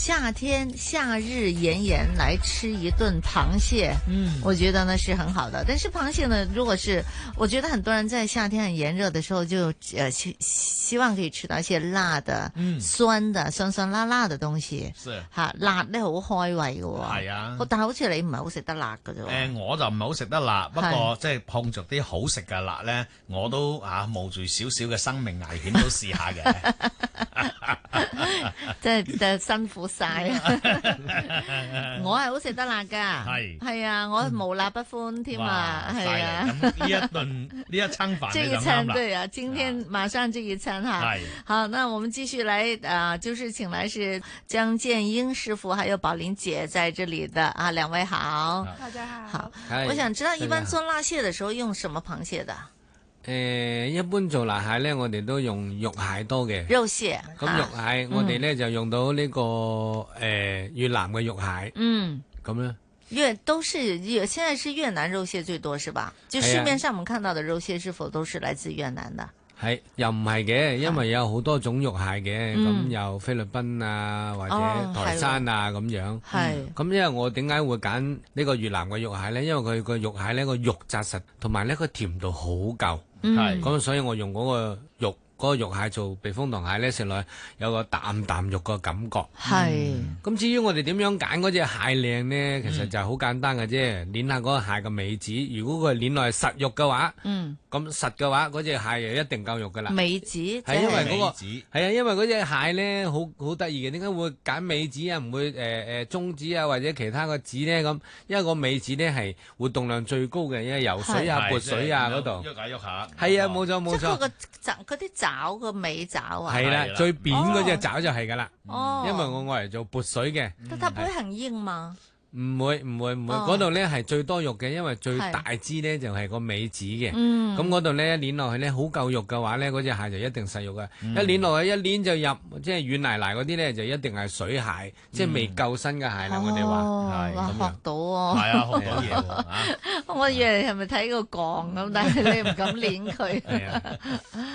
夏天夏日炎炎，來吃一頓螃蟹，嗯，我覺得呢是很好的。但是螃蟹呢，如果是我覺得很多人在夏天很炎熱的時候，就呃希希望可以吃到一些辣的，嗯，酸的，酸酸辣辣的東西是哈、啊、辣，咧好開胃噶。喎、哦。係啊，但好似你唔係好食得辣噶啫。誒、呃，我就唔係好食得辣，不過即係是碰着啲好食嘅辣咧，我都啊冒住少少嘅生命危險都試下嘅。即係辛苦。灑 (laughs) 我係好食得辣噶，係係是啊，我無辣不歡添啊，係啊。呢 (laughs) 一頓呢一餐飯，這一餐對啊，今天馬上這一餐哈，好，啊、好，那我們繼續來啊、呃，就是請來是江建英師傅，還有寶琳姐在這裏的啊，兩位好，大家好，我想知道一般做辣蟹的時候用什麼螃蟹的？誒、嗯、一般做辣蟹咧，我哋都用肉蟹多嘅。肉蟹。咁肉蟹，啊、我哋咧就用到呢、這個誒、嗯呃、越南嘅肉蟹。嗯。咁咧。越都是越，現在是越南肉蟹最多，是吧？就市面上我們看到的肉蟹是否都是來自越南的？係又唔係嘅，因為有好多種肉蟹嘅，咁有是菲律賓啊，或者台山啊咁，哦、樣。係咁是，因為我點解會揀呢個越南嘅肉蟹呢？因為佢個肉蟹呢個肉紮實，同埋呢個甜度好夠。嗯是，咁所以我用嗰個肉嗰，那個、肉蟹做避風塘蟹呢，食落有個啖啖肉嘅感覺。係咁是，至於我哋點樣揀嗰隻蟹靚呢？其實就係好簡單嘅啫，捏下嗰個蟹嘅尾指。如果佢捏落來實肉嘅話，是嗯。咁實嘅話，嗰隻蟹又一定夠肉噶啦。尾指？係因為嗰個係啊，因為嗰隻蟹咧好好得意嘅，點解會揀尾指啊？唔會誒誒中指啊，或者其他個指咧咁？因為個尾指咧係活動量最高嘅，因為游水啊、撥水啊嗰度喐下喐下。係啊，冇錯冇錯。個爪，嗰啲爪個尾爪啊。係啦，最扁嗰隻爪就係噶啦。哦，因為我愛嚟做撥水嘅。得得，平行英文。唔會唔會唔會，嗰度咧係最多肉嘅，因為最大支咧就係個尾子嘅。咁嗰度咧一攣落去咧，好夠肉嘅話咧，嗰隻蟹就一定細肉嘅。一攣落去，一攣就入，即係軟泥泥嗰啲咧，就一定係水蟹，即係未夠身嘅蟹啦。我哋話係咁樣。學到喎，係啊，學到嘢喎嚇！我以為你係咪睇過鋼咁，但係你唔敢攣佢。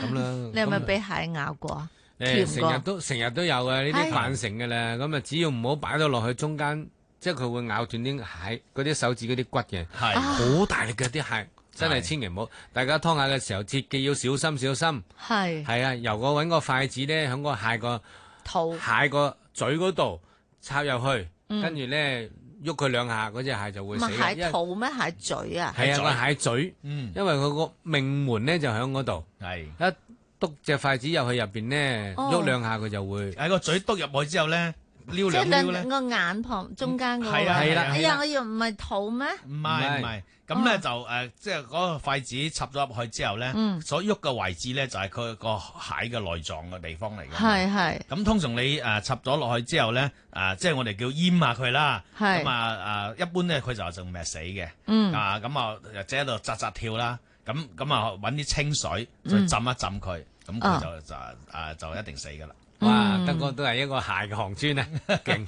咁啦。你係咪俾蟹咬過啊？誒，成日都成日都有嘅呢啲泛成嘅啦。咁啊，只要唔好擺到落去中間。即係佢會咬斷啲蟹嗰啲手指嗰啲骨嘅，係好大力嘅啲蟹，真係千祈唔好。大家劏蟹嘅時候，切記要小心小心。係，係啊，由我揾個筷子咧，響個蟹個肚、蟹個嘴嗰度插入去，跟住咧喐佢兩下，嗰隻蟹就會死。唔係蟹肚咩？蟹嘴啊？係啊，個蟹嘴。嗯，因為佢個命門咧就響嗰度。係一篤隻筷子入去入邊咧，喐兩下佢就會喺個嘴篤入去之後咧。撩嚟撩呢兩個眼旁中間嗰個係、嗯、啊係啦，啊啊啊、哎呀，我以為唔係肚咩？唔係唔係，咁咧、哦、就誒，即係嗰個筷子插咗入去之後咧，嗯、所喐嘅位置咧就係佢個蟹嘅內臟嘅地方嚟㗎。係係。咁通常你誒插咗落去之後咧，誒即係我哋叫淹下佢啦。咁啊是、呃、一般咧佢就仲未死嘅。嗯。啊咁啊，即喺度扎扎跳啦。咁咁啊，搵啲清水再浸一浸佢，咁佢、嗯、就就、哦啊、就一定死㗎啦。哇！德哥都係一個蟹嘅行專啊，勁，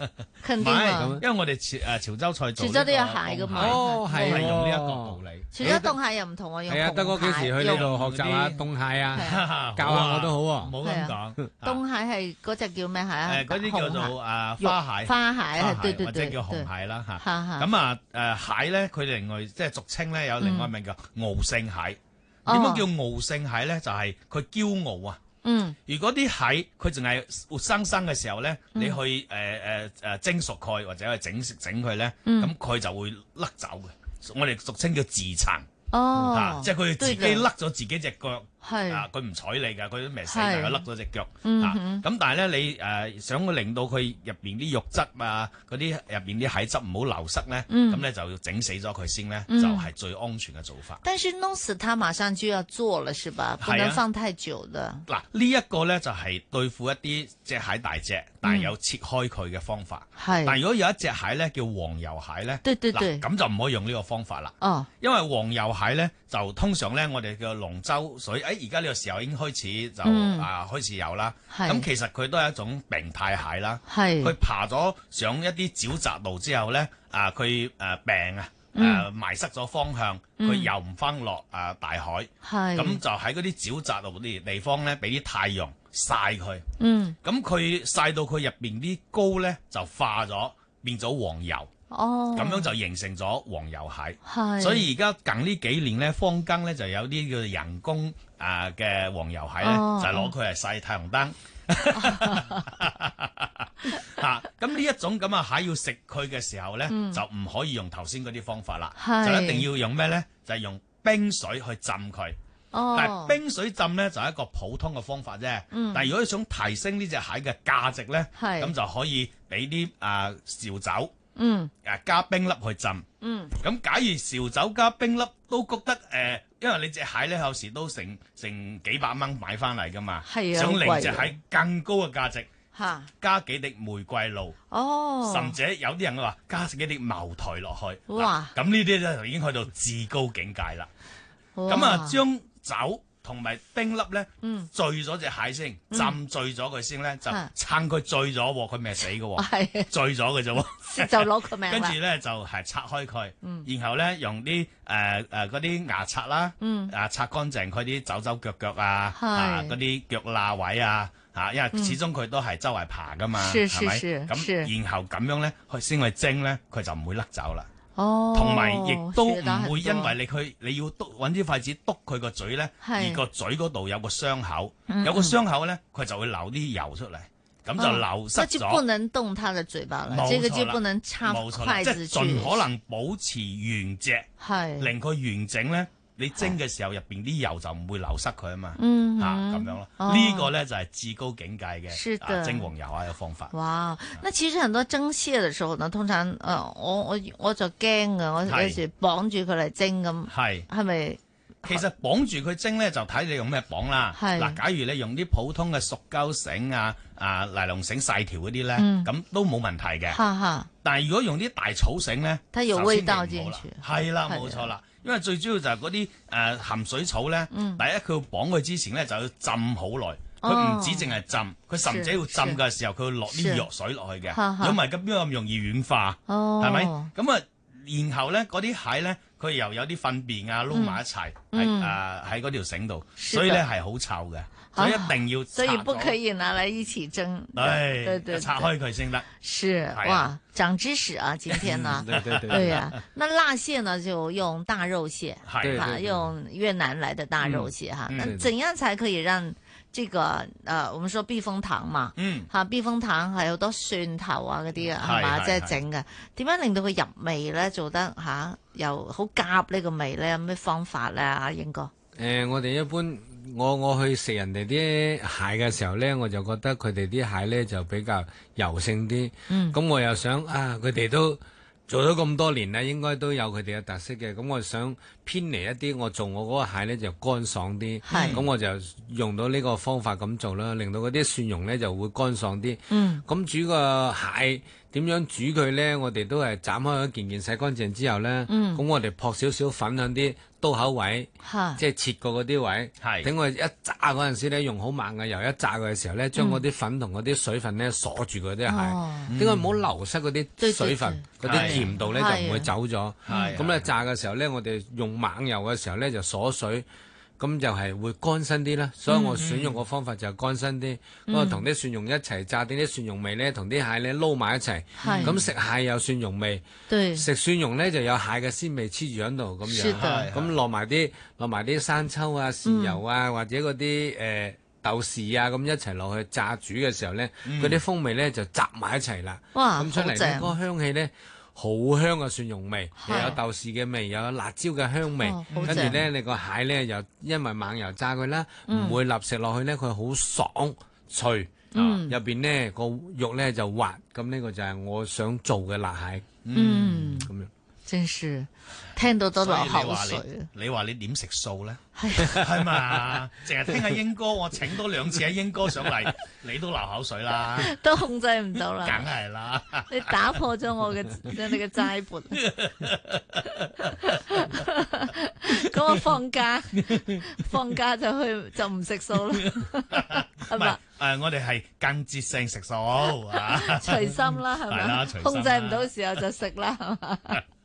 近唔係咁，因為我哋潮誒潮州菜潮州都有蟹嘅嘛，哦，係用呢一個道理。除咗凍蟹又唔同我用。係啊，德哥幾時去呢度學習啊？凍蟹啊？教下我都好喎。唔好咁講。凍蟹係嗰隻叫咩蟹啊？嗰啲叫做誒花蟹，花蟹，或者叫紅蟹啦嚇。咁啊誒蟹咧，佢另外即係俗稱咧有另外名叫傲性蟹。點樣叫傲性蟹咧？就係佢驕傲啊！嗯，如果啲蟹佢淨係活生生嘅時候咧，嗯、你去誒誒誒蒸熟佢或者去整食整佢咧，咁佢、嗯、就會甩走嘅，我哋俗稱叫自殘哦，吓、啊，即係佢自己甩咗自己隻腳。係啊，佢唔睬你噶，佢都未死啊，佢甩咗隻腳。咁但係咧，你誒想令到佢入邊啲肉質啊，嗰啲入邊啲蟹汁唔好流失咧，咁咧就要整死咗佢先咧，就係最安全嘅做法。但是弄死它馬上就要做了，是吧？不能放太久啦。嗱，呢一個咧就係對付一啲隻蟹大隻，但係有切開佢嘅方法。但如果有一隻蟹咧叫黃油蟹咧，嗱咁就唔可以用呢個方法啦。哦，因為黃油蟹咧。就通常咧，我哋叫龍舟水，誒而家呢個時候已經開始就、嗯、啊開始有啦。咁是其實佢都係一種病態蟹啦。佢是爬咗上一啲沼澤路之後呢，啊佢、啊、病啊，誒迷失咗方向，佢遊唔翻落啊大海。咁是就喺嗰啲沼澤路啲地方呢，俾啲太陽曬佢。咁佢、嗯、曬到佢入面啲膏呢，就化咗變咗黃油。哦，咁樣就形成咗黃油蟹，係，所以而家近呢幾年咧，坊間咧就有啲叫人工誒嘅黃油蟹咧，就攞佢嚟曬太陽燈，吓，咁呢一種咁啊蟹要食佢嘅時候咧，就唔可以用頭先嗰啲方法啦，就一定要用咩咧？就係用冰水去浸佢，但係冰水浸咧就係一個普通嘅方法啫，但係如果你想提升呢隻蟹嘅價值咧，咁就可以俾啲誒燒酒。嗯，誒加冰粒去浸，嗯，咁假如燒酒加冰粒都覺得誒、呃，因為你隻蟹咧有時都成成幾百蚊買翻嚟噶嘛，係啊，想令隻蟹更高嘅價值，吓、啊、加幾滴玫瑰露，哦，甚至有啲人話加幾滴茅台落去，哇，咁呢啲咧就已經去到至高境界啦，咁啊將酒。同埋冰粒咧，醉咗隻蟹先，浸醉咗佢先咧，就趁佢醉咗，佢未死喎，醉咗嘅啫，就攞佢命啦。跟住咧就係拆開佢，然後咧用啲誒誒嗰啲牙刷啦，啊，擦乾淨佢啲走走腳腳啊，啊，嗰啲腳罅位啊，嚇，因為始終佢都係周圍爬噶嘛，係咪？咁然後咁樣咧，佢先去蒸咧，佢就唔會甩走啦。哦，同埋亦都唔會因為你去，你要揾啲筷子篤佢的個嘴咧，而個嘴嗰度有個傷口，嗯嗯有個傷口咧，佢就會流啲油出嚟，咁就流失咗。哦，就不能動他嘅嘴巴了，這個就不能插筷子去，即係盡可能保持原隻，的令佢完整咧。你蒸嘅時候，入邊啲油就唔會流失佢啊嘛，吓，咁樣咯。呢個咧就係至高境界嘅蒸黃油啊嘅方法。哇！那其實很多蒸蟹嘅時候，呢通常誒，我我我就驚㗎，我有時綁住佢嚟蒸咁，係係咪？其實綁住佢蒸咧，就睇你用咩綁啦。係嗱，假如你用啲普通嘅塑膠繩啊、啊尼龍繩細條嗰啲咧，咁都冇問題嘅。哈哈。但係如果用啲大草繩咧，它有味道進去，係啦，冇錯啦。因為最主要就係嗰啲誒鹹水草咧，嗯、第一佢要綁佢之前咧就要浸好耐，佢唔、哦、止淨係浸，佢甚至要浸嘅時候佢是會落啲藥水落去嘅，因為咁樣咁容易軟化，係咪哦？咁啊，然後咧嗰啲蟹咧，佢又有啲糞便啊撈埋一齊，誒喺嗰條繩度，的所以咧係好臭嘅。所以不可以拿來一起蒸，對，對，拆開佢先得。是，哇，長知識啊，今天呢對啊。那辣蟹呢，就用大肉蟹，哈，用越南來的大肉蟹哈。那怎樣才可以讓這個，誒，我們說避風塘嘛，嗯，吓避風塘係好多蒜頭啊嗰啲啊係嘛，即係整嘅。點樣令到佢入味咧？做得吓又好夾呢個味咧？有咩方法咧？阿英哥，誒，我哋一般。我我去食人哋啲蟹嘅時候呢，我就覺得佢哋啲蟹呢就比較油性啲。咁、嗯、我又想啊，佢哋都做咗咁多年啦，應該都有佢哋嘅特色嘅。咁我想偏離一啲，我做我嗰個蟹呢就乾爽啲。咁是我就用到呢個方法咁做啦，令到嗰啲蒜蓉呢就會乾爽啲。咁、嗯、煮個蟹。點樣煮佢呢？我哋都係斬開一件件洗乾淨之後呢，咁、嗯、我哋撲少少粉喺啲刀口位，是即係切過嗰啲位，等的我哋一炸嗰陣時呢，用好猛嘅油一炸嘅時候呢，將嗰啲粉同嗰啲水分呢鎖住嗰啲蟹，等佢唔好流失嗰啲水分、嗰啲甜度呢的就唔會走咗。咁呢的、嗯、炸嘅時候呢，我哋用猛油嘅時候呢，就鎖水。咁就係會乾身啲啦，所以我選用個方法就係乾身啲，咁啊同啲蒜蓉一齊炸啲，啲蒜蓉味咧同啲蟹咧撈埋一齊，咁食是蟹有蒜蓉味，對食蒜蓉咧就有蟹嘅鮮味黐住喺度咁樣，咁落埋啲落埋啲生抽啊、豉油啊、嗯、或者嗰啲誒豆豉啊咁一齊落去炸煮嘅時候咧，佢啲、嗯、風味咧就集埋一齊啦，咁出嚟嗰個香氣咧。.好香嘅蒜蓉味，是？又有豆豉嘅味，又有辣椒嘅香味，哦，好正。跟住咧，你個蟹咧又因為猛油炸佢啦，嗯，唔會立食落去咧，佢好爽脆，啊，入邊咧個肉咧就滑，咁呢個就係我想做嘅辣蟹，嗯，咁樣。真是聽到都流口水你說你。你話你點食素咧？係嘛， (laughs) 淨係聽阿英哥，我請多兩次阿英哥上嚟，你都流口水啦，都控制唔到啦，梗係啦，你打破咗我嘅 (laughs) 你嘅齋缽。咁 (laughs) 我放假放假就去就唔食素,素 (laughs) 啦。唔係，誒，我哋係間歇性食素啊，隨心啦，係咪？控制唔到嘅時候就食啦，係嘛。 (laughs)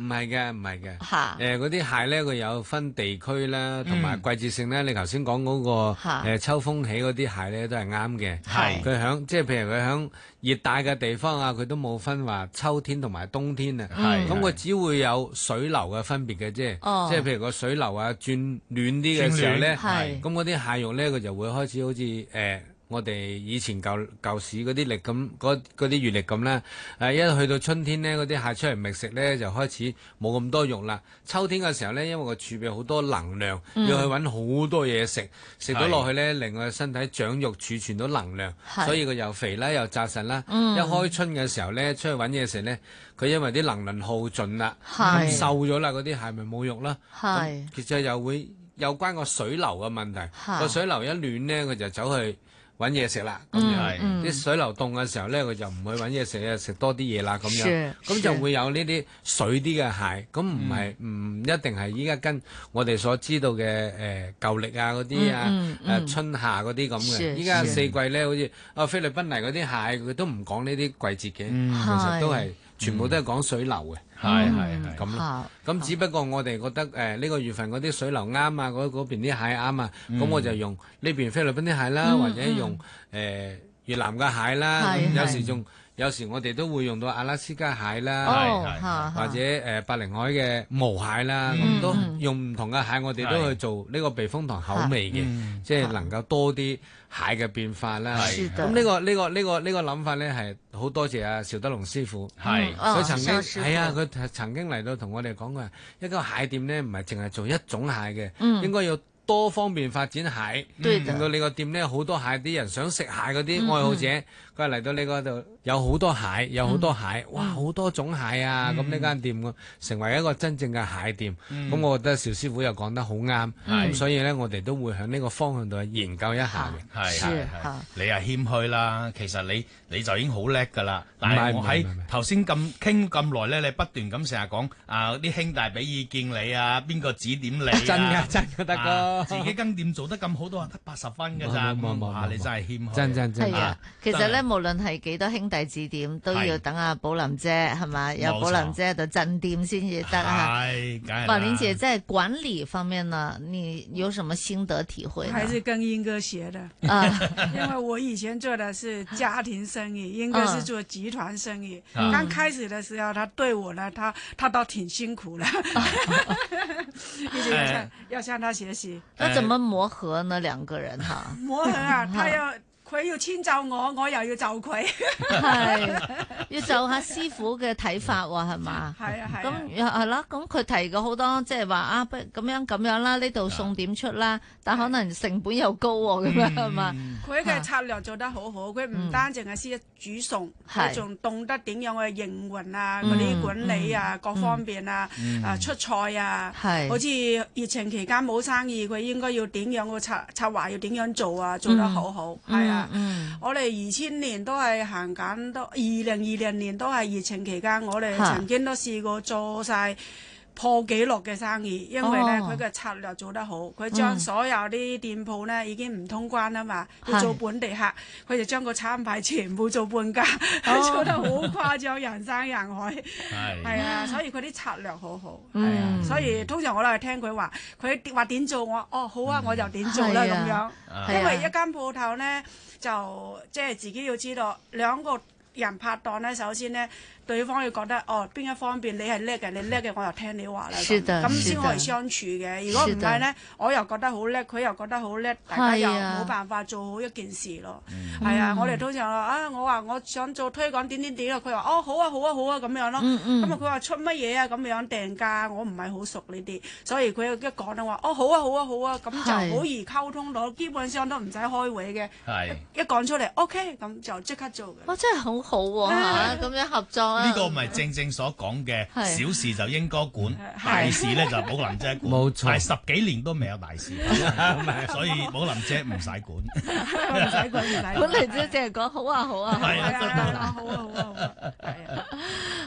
唔係嘅，唔係嘅。誒，嗰啲的、呃、蟹咧，佢有分地區啦，同埋、嗯、季節性咧。你頭先講嗰個的、呃、秋風起嗰啲蟹咧，都係啱嘅。係的，佢響即係譬如佢響熱帶嘅地方啊，佢都冇分話秋天同埋冬天啊。係的，咁佢、嗯、只會有水流嘅分別嘅，啫、哦。係即係譬如個水流啊轉暖啲嘅時候咧，咁嗰啲蟹肉咧，佢就會開始好似誒。呃我哋以前舊舊市嗰啲力咁，嗰嗰啲月力咁咧，誒、啊、一去到春天呢，嗰啲蟹出嚟覓食咧，就開始冇咁多肉啦。秋天嘅時候咧，因為個儲備好多能量，嗯、要去搵好多嘢食，食咗落去咧，是令我身體長肉儲存到能量，是所以佢又肥啦又紮實啦。嗯、一開春嘅時候咧，出去搵嘢食咧，佢因為啲能量耗盡啦，是瘦咗啦，嗰啲蟹咪冇肉啦。是其實又會有關個水流嘅問題，個是水流一暖咧，佢就走去。揾嘢食啦，咁又係啲水流凍嘅時候咧，佢就唔去揾嘢食啊，食多啲嘢啦咁樣，咁就會有呢啲水啲嘅蟹，咁唔係唔一定係依家跟我哋所知道嘅誒舊曆啊嗰啲啊誒春夏嗰啲咁嘅，依家四季咧好似啊菲律賓嚟嗰啲蟹，佢都唔講呢啲季節嘅，其實都係全部都係講水流嘅。係係係，咁咁，只不過我哋覺得誒呢、呃呢個月份嗰啲水流啱啊，嗰邊啲蟹啱啊，咁、嗯、我就用呢邊菲律賓啲蟹啦，嗯、或者用誒、呃、越南嘅蟹啦，嗯嗯、有時仲有時我哋都會用到阿拉斯加蟹啦，是是是或者誒白令海嘅毛蟹啦，咁、嗯嗯、都用唔同嘅蟹，我哋都去做呢個避風塘口味嘅，即係、嗯、能夠多啲。蟹嘅變化啦，咁呢個呢個呢個呢個諗法咧，係好多謝啊邵德龍師傅，係是，嗯哦、所以曾經係啊佢曾經嚟到同我哋講過一個蟹店咧唔係淨係做一種蟹嘅，嗯、應該要多方面發展蟹，嗯嗯、令到你個店咧好多蟹，啲人想食蟹嗰啲愛好者，佢嚟、嗯、到你嗰度。有好多蟹，有好多蟹，哇，好多種蟹啊！咁呢間店成為一個真正嘅蟹店，咁我覺得邵師傅又講得好啱，咁所以咧，我哋都會喺呢個方向度去研究一下。係係，你啊謙虛啦，其實你你就已經好叻噶啦。但係唔係，頭先咁傾咁耐咧，你不斷咁成日講啊啲兄弟俾意見你啊，邊個指點你真㗎真㗎，德哥，自己間店做得咁好都話得八十分㗎咋？唔話，你真係謙虛，真真係啊，其實咧，無論係幾多兄。第四點都要等阿寶林姐係嘛，有寶林姐的鎮店先至得吓。寶琳姐在管理方面呢，你有什麼心得體會？還是跟英哥學的啊？因為我以前做的是家庭生意，英哥是做集團生意。剛開始的時候，他對我呢，他他倒挺辛苦的，要向要向他學習。要怎麼磨合呢？兩個人哈？磨合啊，他要。佢要遷就我，我又要就佢，係要就下師傅嘅睇法喎，係嘛？係啊係。咁係啦，咁佢提過好多，即係話啊，不咁樣咁樣啦，呢度餸點出啦，但可能成本又高喎，咁樣係嘛？佢嘅策略做得好好，佢唔單淨係識煮餸，佢仲懂得點樣去營運啊，嗰啲管理啊，各方面啊，啊出菜啊，係好似疫情期間冇生意，佢應該要點樣個策策劃，要點樣做啊，做得好好，係啊。嗯， (noise) (noise) 我哋二千年都係行緊多，二零二零年都係疫情期間，我哋曾經都試過做晒。破紀錄嘅生意，因為咧佢嘅策略做得好，佢、哦、將所有啲店鋪咧已經唔通關啦嘛，嗯、要做本地客，佢是就將個餐牌全部做半價，哦、做得好誇張， (laughs) 人山人海，係是啊，所以佢啲策略好好，係、嗯、啊，所以通常我都係聽佢話，佢話點做，我哦好啊，我就點做啦咁、嗯啊、樣，啊、因為一間鋪頭咧就即係自己要知道，兩個人拍檔咧，首先咧。對方要覺得哦邊一方面你係叻嘅，你叻嘅我又聽你話啦，咁先的可以相處嘅。是的如果唔係咧，我又覺得好叻，佢又覺得好叻，是的大家又冇辦法做好一件事咯。係啊的、嗯，我哋通常啊、哎，我話我想做推廣點點點、哦、啊，佢話哦好啊好啊好啊咁樣咯。咁、嗯嗯、啊佢話出乜嘢啊咁樣定價，我唔係好熟呢啲，所以佢一講就話哦好啊好啊好啊，咁、啊啊、就好易溝通到，是的基本上都唔使開會嘅的。一講出嚟 OK，咁就即刻做嘅。哇！真係好好喎嚇，咁、啊、樣合作。 (laughs) 呢個唔係正正所講嘅是小事就應該管，大事咧是就冇林姐管。冇錯錯，係十幾年都未有大事， (laughs) 所以冇林姐唔使管。唔使 (laughs) 管，唔使。本嚟只係講好啊，好啊，好啊，係啊，好啊，好啊。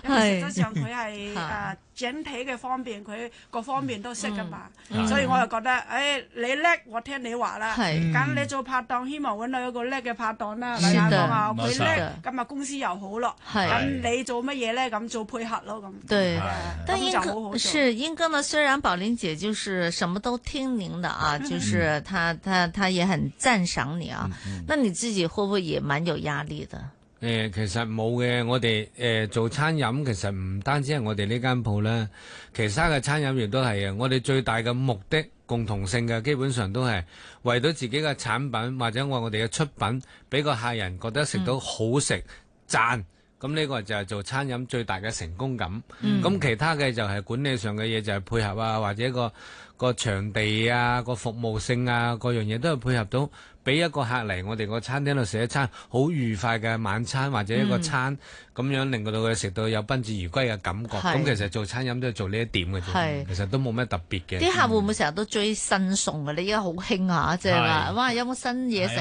係，實際上佢係誒。整體嘅方面，佢各方面都識㗎嘛，所以我就覺得，誒你叻，我聽你話啦。係。咁你做拍檔，希望揾到一個叻嘅拍檔啦，係咪啊？佢叻，咁啊公司又好咯。係。咁你做乜嘢咧？咁做配合咯，咁。對。都就好好。是英哥呢？雖然寶玲姐就是什麼都聽您的啊，就是她她她也很讚賞你啊。那你自己會不會也蠻有壓力的？欸、其實冇嘅，我哋誒、呃、做餐飲，其實唔單止係我哋呢間鋪啦，其他嘅餐飲業都係啊！我哋最大嘅目的共同性嘅，基本上都係為到自己嘅產品或者我哋嘅出品，俾個客人覺得食到好食讚。咁呢個就係做餐飲最大嘅成功感。咁、嗯、其他嘅就係管理上嘅嘢，就係配合啊，或者個個場地啊，個服務性啊，各樣嘢都係配合到。俾一個客嚟我哋個餐廳度食一餐好愉快嘅晚餐，或者一個餐咁，嗯、樣令到佢食到有賓至如歸嘅感覺。咁是其實做餐飲都係做呢一點嘅啫，是其實都冇咩特別嘅。啲客會唔會成日都追新餸呀？你而家好興下啫嘛？即係話，哇！有冇新嘢食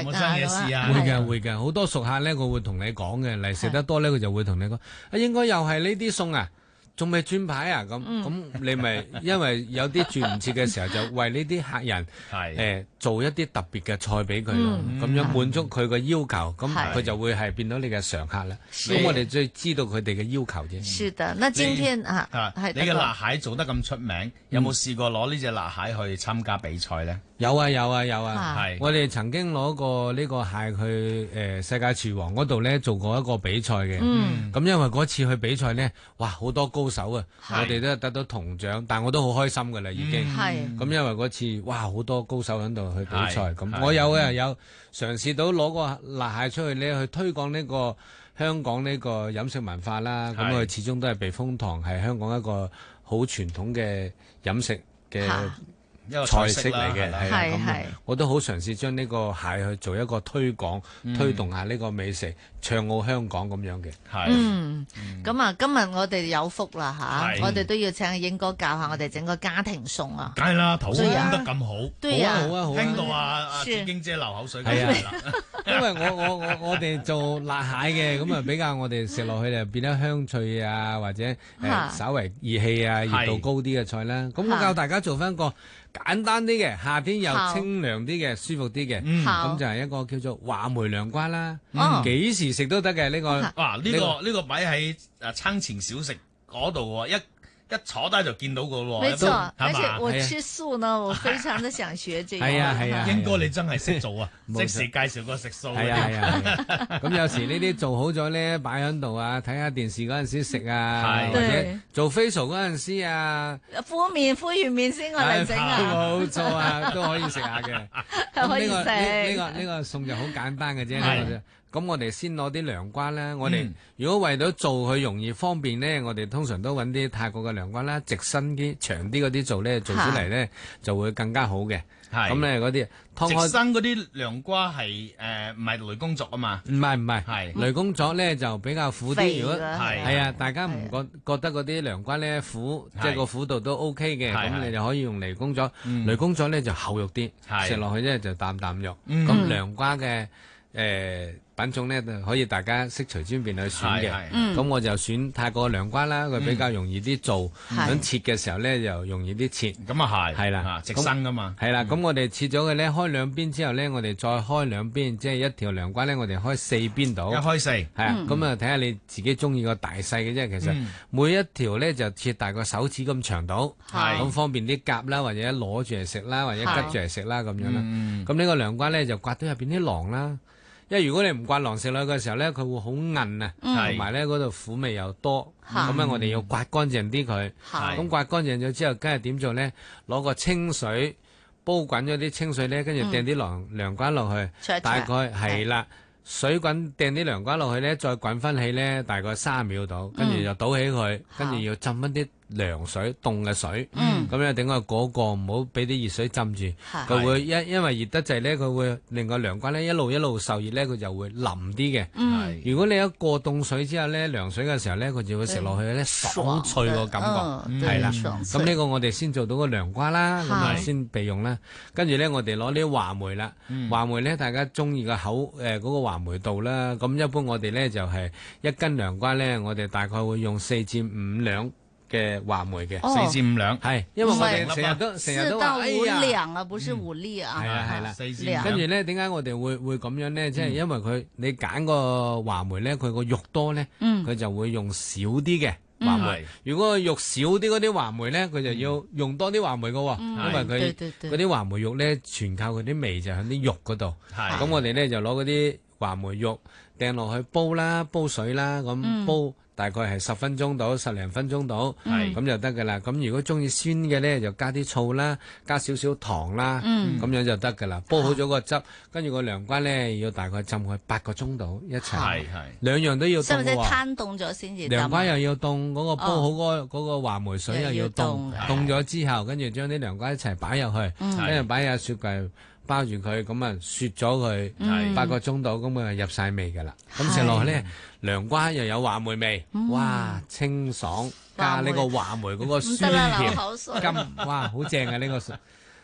啊？會嘅會嘅，好多熟客咧，佢會同你講嘅。嚟食得多咧，佢是就會同你講啊，應該又係呢啲餸啊。仲未轉牌啊？咁咁、嗯、你咪因為有啲轉唔切嘅時候，就為呢啲客人、 (laughs) 呃、做一啲特別嘅菜俾佢，咁、嗯、樣滿足佢個要求，咁佢、嗯、就會係變到你嘅常客啦。咁的我哋最知道佢哋嘅要求啫。是的，那今天你啊是你嘅辣蟹做得咁出名，嗯、有冇試過攞呢隻辣蟹去參加比賽咧？有啊有啊有啊！係、啊，有啊、是我哋曾經攞過呢個蟹去誒、呃、世界廚王嗰度咧做過一個比賽嘅。嗯。咁因為嗰次去比賽咧，哇好多高手啊！是我哋都係得到銅獎，但我都好開心噶啦，已經、嗯。係是。咁因為嗰次，哇好多高手喺度去比賽。咁是我有啊有嘗試到攞個辣蟹出去咧去推廣呢個香港呢個飲食文化啦。咁我是始終都係避風塘係香港一個好傳統嘅飲食嘅。一個菜式嚟嘅，係咁啊！我都好嘗試將呢個蟹去做一個推廣，推動下呢個美食，唱好香港咁樣嘅。係，嗯，咁啊，今日我哋有福啦嚇，我哋都要請英哥教下我哋整個家庭餸啊！梗係啦，頭先飲得咁好，好啊好啊好啊！聽到啊啊，紫荊姐流口水咁樣啦，因為我我我我哋做辣蟹嘅，咁啊比較我哋食落去就變得香脆啊，或者誒稍為熱氣啊、熱度高啲嘅菜啦。咁我教大家做翻個。簡單啲嘅，夏天又清涼啲嘅，好舒服啲嘅，咁、嗯、就係一個叫做話梅涼瓜啦。幾、嗯、時食都得嘅呢個哇！呢、這個呢、這個擺喺誒餐前小食嗰度喎一。一坐低就見到個喎，冇錯。而且我吃素呢，我非常之想學這個。係啊係啊，英哥你真係識做啊，即時介紹過食素。係啊係啊，咁有時呢啲做好咗咧擺喺度啊，睇下電視嗰陣時食啊，或者做 facial 嗰陣時啊，敷面敷完面先我嚟整啊。冇錯啊，都可以食下嘅，可以食。呢個呢個餸就好簡單嘅啫。咁我哋先攞啲涼瓜啦。我哋如果為到做佢容易方便呢，我哋通常都揾啲泰國嘅涼瓜啦，直身啲、長啲嗰啲做呢，做出嚟呢就會更加好嘅。咁咧嗰啲直生嗰啲涼瓜係誒唔係雷公作啊嘛？唔係唔係，係雷公作呢就比較苦啲。如果啊，大家唔覺得嗰啲涼瓜呢苦，即係個苦度都 O K 嘅。咁你就可以用雷公作，雷公作呢就厚肉啲，食落去呢就啖啖肉。咁涼瓜嘅誒，品種咧，可以大家悉隨尊便去選嘅。咁我就選泰國涼瓜啦，佢比較容易啲做，咁切嘅時候咧就容易啲切。咁啊係，係啦，直身㗎嘛。係啦，咁我哋切咗嘅咧，開兩邊之後咧，我哋再開兩邊，即係一條涼瓜咧，我哋開四邊度。一開四，係啊，咁啊睇下你自己中意個大細嘅啫。其實每一條咧就切大個手指咁長度，咁方便啲夾啦，或者攞住嚟食啦，或者拮住嚟食啦咁樣啦。咁呢個涼瓜咧就刮到入邊啲瓤啦。即係如果你唔刮狼食女嘅時候咧，佢會好韌啊，同埋咧嗰度苦味又多，咁啊、嗯、我哋要刮乾淨啲佢，咁、嗯、刮乾淨咗之後，跟住點做咧？攞個清水煲滾咗啲清水咧，跟住掟啲狼涼瓜落、嗯、去，去，大概係啦，水滾掟啲涼瓜落去咧，再滾翻起咧，大概三十秒度，跟住就倒起佢，跟住、嗯、要浸一啲。涼水，凍嘅水，咁、嗯、樣點解嗰個唔好俾啲熱水浸住？佢是會因的因為熱得滯咧，佢會令個涼瓜咧一路一路受熱咧，佢就會腍啲嘅。的如果你一過凍水之後咧，涼水嘅時候咧，佢就會食落去呢爽脆個感覺係啦。咁呢、欸、個我哋先做到個涼瓜啦，咁啊的先備用啦。跟住咧，我哋攞啲話梅啦，嗯、話梅咧，大家中意嘅口嗰、呃那個話梅度啦。咁一般我哋咧就係、是、一斤涼瓜咧，我哋大概會用四至五兩。嘅話梅嘅四至五兩，係因為我哋成日都成日都四到五兩啊，唔係五粒啊。係啊係啦，四至五兩，跟住咧，點解我哋會會咁樣咧？即係因為佢你揀個話梅咧，佢個肉多咧，佢就會用少啲嘅話梅。如果個肉少啲嗰啲話梅咧，佢就要用多啲話梅噶，因為佢嗰啲話梅肉咧，全靠佢啲味就喺啲肉嗰度。咁我哋咧就攞嗰啲話梅肉掟落去煲啦，煲水啦，咁煲。大概係十分鐘到十零分鐘到，咁是就得噶啦。咁如果中意酸嘅咧，就加啲醋啦，加少少糖啦，咁、嗯、樣就得噶啦。煲好咗個汁，跟住、啊、個涼瓜咧，要大概浸佢八個鐘度一齊，兩樣都要凍。係咪先攤凍咗先至涼瓜又要凍，嗰、那個煲好嗰個個話梅水又要凍，凍咗、哦、是之後，跟住將啲涼瓜一齊擺入去，跟住擺入雪櫃。包住佢，咁啊雪咗佢八個鐘度，咁啊的入晒味噶啦。咁食落去咧，涼瓜又有話梅味，嗯、哇清爽加呢個，梅個話梅嗰個酸甜，哇好正啊呢 (laughs) 個！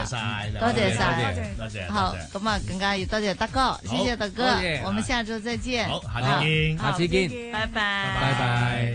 多謝曬，多謝多謝。好，咁啊更加要多謝大哥，謝謝大哥，我們下周再見，好，下期見，下次見，拜拜，拜拜。